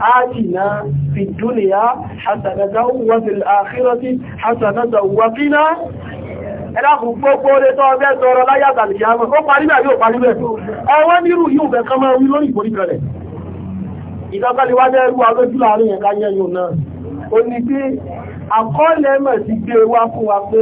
آتنا في الدنيا حسنة وفي الآخرة حسنة وقنا ẹláàkùn gbogbo orí tó ọgbẹ́ sọ̀rọ̀ láyàtà lè yàmọ́ ó parí bẹ̀ yóò parí bẹ̀ ọwọ́ nírú yóò bẹ̀ kan máa wí lórí ìforí kalẹ̀ ìdọ́gbàlewájẹ́ ẹrú alójú láàrin ẹ̀ká yẹ́yùn náà ó ní pé sí gbé wá fún wa pé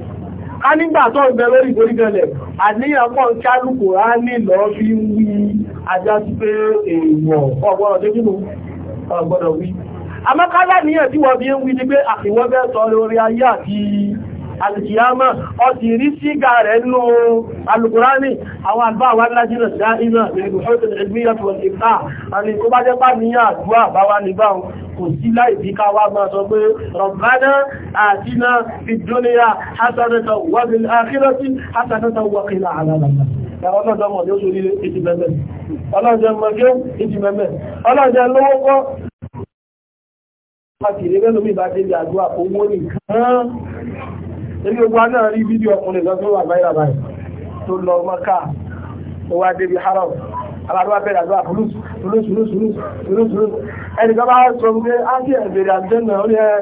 a nígbà tó ń bẹ lórí ìgbórígẹlẹ̀ àníyànpọ̀ ń kálùkù á ní lọ fi ń wí ajá sí pé èèwọ̀ ọgbọ́rọ̀ tó gínú ọgbọ́rọ̀ wí. àmọ́kálá níyàn tí wọ́n fi ń wí ni pé àfihàn bẹ́ sọ lórí ayé àti alìkìyàmọ́ ọ ti rí sígà rẹ̀ nú alùkùránì àwọn àgbà wà lájínà sí àìyàn ìrìnlú ọdún ẹgbìyàtọ̀ ìta àni kó bá jẹ́ bá ní àdúwà bá wá ní báhùn kò sí láì bí ká wá máa sọ pé rọ̀bánà àti náà fi dúnìyà hasanata wàbíl àkírọ́tí hasanata wàkílà àlàlàlà ọlọ́dọ̀ mọ̀ ní ó sórí ìtìmẹ̀mẹ̀ ọlọ́dọ̀ mọ̀ ní ó èyí ogun náà rí fídíò ọkùnrin kan tó wà báyìí báyìí tó lọ mọ́ká tó wá débi haram aláàbá bẹ̀rẹ̀ àdúrà fúlùs fúlùs fúlùs fúlùs fúlùs fúlùs ẹni kan bá sọ pé á sí ẹ̀bẹ̀rẹ̀ àjẹ́nà orí ẹ̀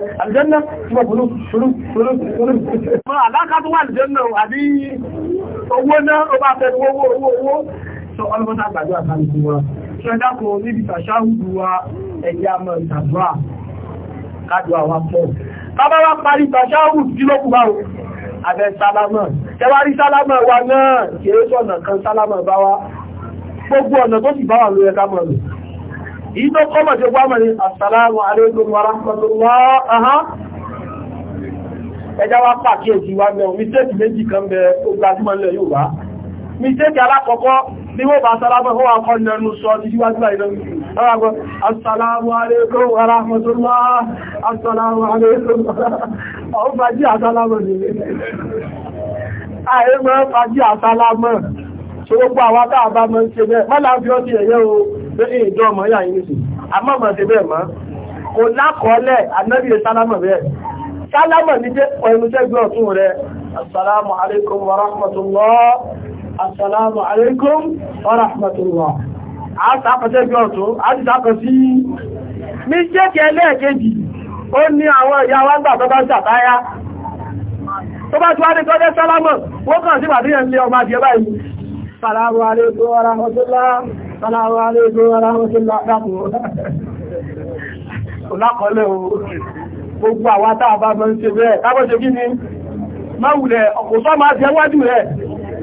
àjẹ́nà mọ̀ fúlùs bàbá wá parí tàṣáwù sí lókù báwọn abẹ́ sálámà tẹwárí sálámà wa náà kìí sọ̀nà kan sálámà bá wá gbogbo ọ̀nà tó sì bá wà lórí ẹka mọ̀ èyí tó kọ́mọ̀ tí ó gbá mọ̀ ní assalamu alaikum wa rahmatullah aha ẹjá wá pàkíyèsí wa mẹ́rin mistake méjì kan bẹ ó gbajúmọ̀ nílẹ̀ bí wọ́n bá sálábọ̀ wọ́n akọ́ sọ ti síwájú àìdánwò assalamu alaikum wa rahmatullah assalamu alaikum ọ̀hún fàájí àsálámọ̀ ní àìmọ́ fàájí àsálámọ̀ tó gbogbo àwọn tààbá mọ́ ṣe bẹ́ẹ̀ ẹ̀yẹ́ o pé ìjọ ọmọ yà ṣe bẹ́ẹ̀ mọ́ kò lákọọ́lẹ̀ sálámọ̀ bẹ́ẹ̀ sálámọ̀ ní jẹ́ pẹ̀lú ọ̀tún rẹ̀ assalamu alaikum Assalamu alaikum wa rahmatullah. A sàkọ̀tẹ́ bí ọ̀tún, a ti sàkọ̀ sí mísẹ́kì ẹlẹ́ẹ̀kejì, ó ní àwọn ìyá wá gbà tọ́bá ṣàtáyá. Tó bá ti wá ní tọ́jẹ́ sálámọ̀, wọ́n kàn sí màdíyàn lé ọmọ adìẹ báyìí. o gbogbo àwọn àtàwà bá mọ́ ń ṣe bẹ́ẹ̀ tábọ́ ṣe kí ni máa jẹ́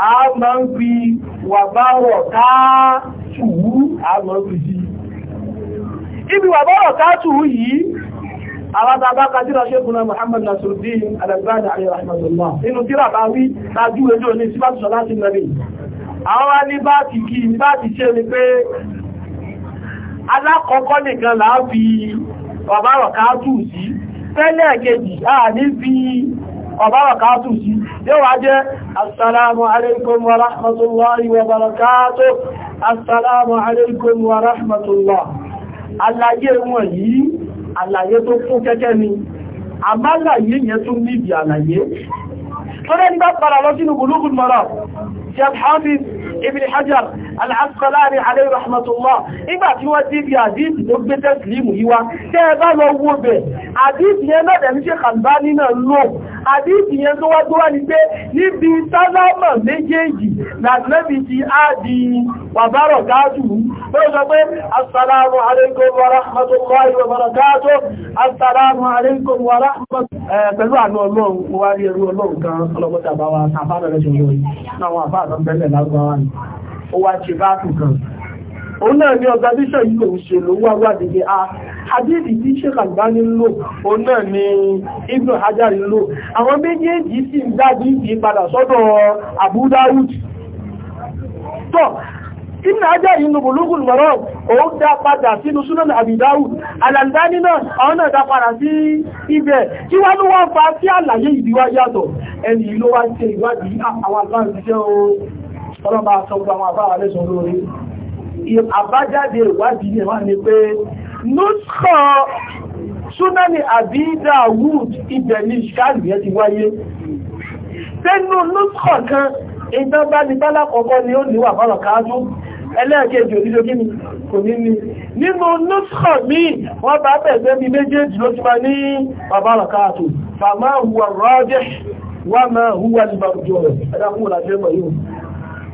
a máa ń fi wàbáwọ̀ káàtùwú a máa ń fi sí ibi wàbáwọ̀ káàtùwú yìí àwọn àbáka jíra ṣékùnà Muhammad Nasiruddin Al-Albani alayhi rahmatullah inú jíra bá wí lájú ẹjọ́ ní síbátùsọ láti lẹ́rin àwọn ní bá ti kí ní bá ti ṣe ni pé alákọ̀ọ́kọ́ nìkan láà fi wàbáwọ̀ káàtù sí tẹ́lẹ̀ kejì a ní fi wabarakatuh sí yóò jẹ́ assalamu alaikum wa rahmatullahi wa barakatuh assalamu alaikum wa rahmatullah àlàyé wọn yìí àlàyé tó kún kẹ́kẹ́ ni àmàlàyé yẹn tún níbi àlàyé tó rẹ̀ padà lọ sínú Bulughul Maram Hafiz ibn hajar al-asqalani alayhi rahmatullah nígbà tí wọ́n ti bí hadith tó gbé tẹ́sìlìmù yíwá tẹ́ ẹ bá lọ wo bẹ̀ hadith yẹn náà dẹ̀ ní ṣe kàlbání náà lò hadith yẹn tó wá tó wá ní pé níbi sálámà méjèèjì làtìlẹ́bì ti á di wàbárọ̀ gáàtù ó sọ pé assalamu alaikum wa rahmatullahi wa barakatuh assalamu alaikum wa rahmatullahi pẹ̀lú àánú ọlọ́run wá rí ẹrú ọlọ́run kan ọlọ́pọ̀tàbáwá àbárẹ̀ rẹ̀ ṣe lórí náwọn àbárẹ̀ bẹ̀rẹ̀ lárúbáwá ni ó wá ṣe bá kù kan òun náà ní ọgbà bíṣọ̀ yìí òun ṣe ló wá wà nígbé a ah, hadidi tí Sheikh Albani ń lò òun náà ní Ibn Hajar ń lò àwọn méjèèjì sì ń dájú ìdí padà sọ́dọ̀ Abu Dawud tọ́ Ibn Hajar nínú Bulughul Maram òun dá padà sínú Sunan Abi Dawud Al-Albani náà àwọn náà dá padà sí ibẹ̀ kí wá ló wọ́n fa sí àlàyé ìdíwá ẹni ló wá ṣe ìwádìí ah, àwọn àgbà ọlọ́mà àtọ́gbà àwọn àbáwà lẹ́sùn lórí àbájáde ìwádìí ẹ̀wà ni pé nùsọ̀ súnáni àbí Dawud ibẹ̀ ní ṣkáàlù yẹn ti wáyé tẹ́nu nùsọ̀ kan ìjọba ní bálá kọ̀ọ̀kọ́ ni ó níwà bọ́rọ̀ káájú ẹlẹ́ẹ̀kejì òdíjọ gíní kò ní ní nínú nùsọ̀ míì wọ́n bá bẹ̀ẹ̀gbẹ́ mi méjèèjì ló ti máa ní bàbá rọ̀ káàtó fàmáhùwà rọ́ọ́dẹ̀ wà máa hùwà ní bàbá jọ rẹ̀ ẹ̀dá fún òlàjẹ́ mọ̀ yóò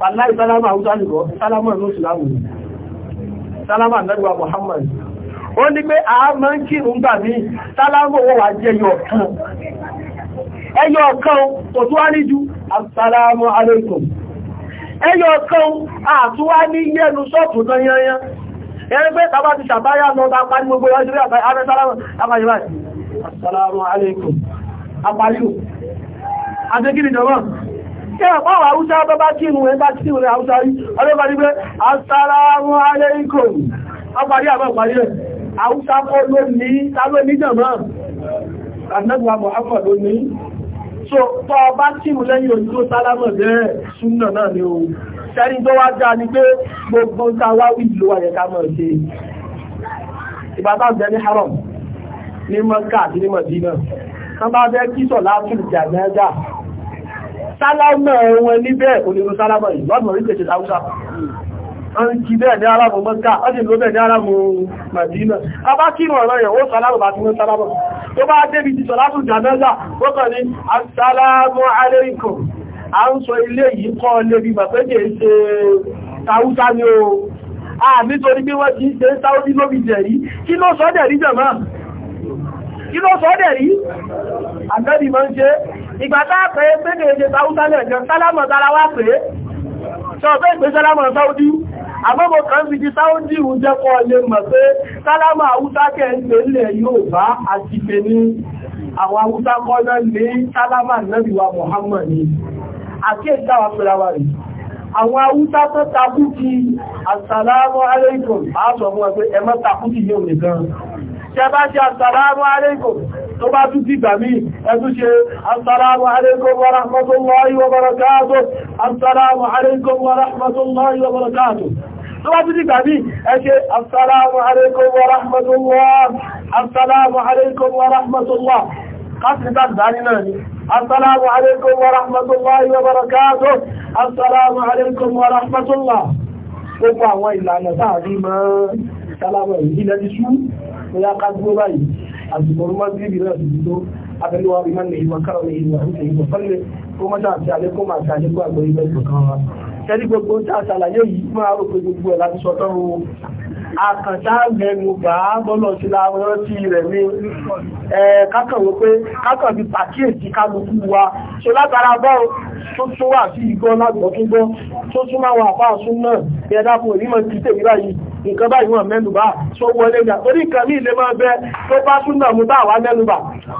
Wallahi sálámà Hausa nìkọ́, sálámà ló sì láwùú. Sálámà Nàìjíríà Muhammad. Ó ní pé a máa ń kírun gbà mí, sálámà owó wà jẹ́ ẹyọ kan. Ẹyọ kan kò tó wá ní ju, Assalamu alaikum. Ẹyọ kan àtúwá ní yẹnu sọ́ọ̀tù tán yányán. Ẹni pé tàbá ti ṣàbáyá lọ ta parí gbogbo ọjọ́ ìrìn àbáyé sálámà, àbáyé báyìí. Assalamu alaikum. Apàlú. Adé kí ni jọmọ́? ẹ̀pọ̀ àwọn Haúsá tó bá kí ìrùn ẹgbá tí ìrùn Haúsá rí ọlọ́pàá ní pé Assalamu alaikum ọparí àbọ̀ parí rẹ̀ Haúsá kọ́ ló ní tàbí níjàmọ́ àdínàgbà Muhammad ló ní so tó bá kí ìrùn lẹ́yìn ojú tó sálámọ̀ bẹ́ẹ̀ súnnà náà ni o sẹ́ni tó wá já ni pé gbogbo táwa sálámà wọn níbẹ̀ onírú sálámà yìí lọ́dún orí kèṣe láwúsá wọ́n kí bẹ́ẹ̀ ní aláàmù mọ́ká ọdún ló bẹ́ẹ̀ ní aláàmù màdínà a bá kí ìrọ̀ ọ̀rọ̀ ó sálámù bá ti mọ́ sálámù tó bá débi ti sọ̀látù jàmẹ́lá ó kàn ní asálámù alaykum a ń sọ ilé yìí kọ́ lébi màpẹ́jẹ̀ ṣe tàúsá ni o a nítorí bí wọ́n ti ṣe sáúdí lóbi jẹ̀rí kí ló sọ́dẹ̀ rí jẹ̀mọ́ kí ló sọ́dẹ̀ rí àgbẹ́bì máa ń ṣe ìgbà tá pé pédè èdè sáúsá náà jẹ sálámọ̀ sára wá pé sọ pé ìpé sálámọ̀ sáúdí àbọ́bọ̀ kan fi ti sáúdí ìhùn jẹ́ kọ́ lè mọ̀ pé sálámọ̀ àwúsá kẹ́ ń pè lẹ̀ yóò bá àti pè ní àwọn àwúsá wa Muhammad ni àti ìgbà wa pèrà wà rí àwọn awúsá tó takú ti assalamu alaikum àásọ̀ fún ẹgbẹ́ ẹmọ́ takú ti yóò nìkan ṣẹbá ṣe assalamu alaikum tó bá tún ti gbà mí ẹ̀tún ṣe assalamu alaikum wa rahmatullahi wa barakatuh assalamu alaikum wa rahmatullahi wa barakatuh tó bá tún ti gbà mí ẹ ṣe assalamu alaikum wa rahmatullah assalamu alaikum wa rahmatullah kásìtà dání náà ni assalamu alaikum wa rahmatullahi wa barakatuh assalamu alaikum wa rahmatullah àsìkò ọmọ bíbí náà ti dúró abẹ́lúwà ìmọ̀ nìyí wọ́n kárọ̀ nìyí wọ́n ń tẹ̀yí wọ́n fẹ́lẹ̀ ṣẹ́rí gbogbo ń tàà ṣàlàyé yìí máa rò pé gbogbo ẹ̀ láti sọ tọ́rọ àkàntà mẹ́nu bá bọ́lọ̀ sí láwọn tí rẹ̀ ní kákànwó pé kákànbí pàkíyèsí kálukú wa ṣe látara bọ́ tó tún wà sí ìgbọ́ lágbọ̀túngbọ́ tó tún máa wà fáà sún náà bí ẹ dákun onímọ̀ tí tèmi báyìí nǹkan báyìí wọ́n mẹ́nu bá tó wọlé ìgbà torí nǹkan ní ilé máa bẹ tó bá sún mú bá wà mẹ́nu bá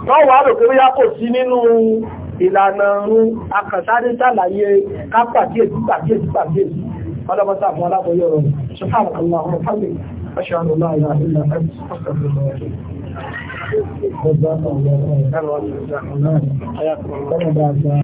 wọ́n wà rò pé bóyá kò sí nínú ìlànà ọ̀run akàtàrí sàlàyé kápàkíyèsí pàkíyèsí pàkíyèsí ọlọ́pọ̀tà àwọn aláboyọ̀ rọ̀ ṣùgbọ́n àwọn àwọn fámì aṣọ́nà láàrin àìlà ẹ̀sùn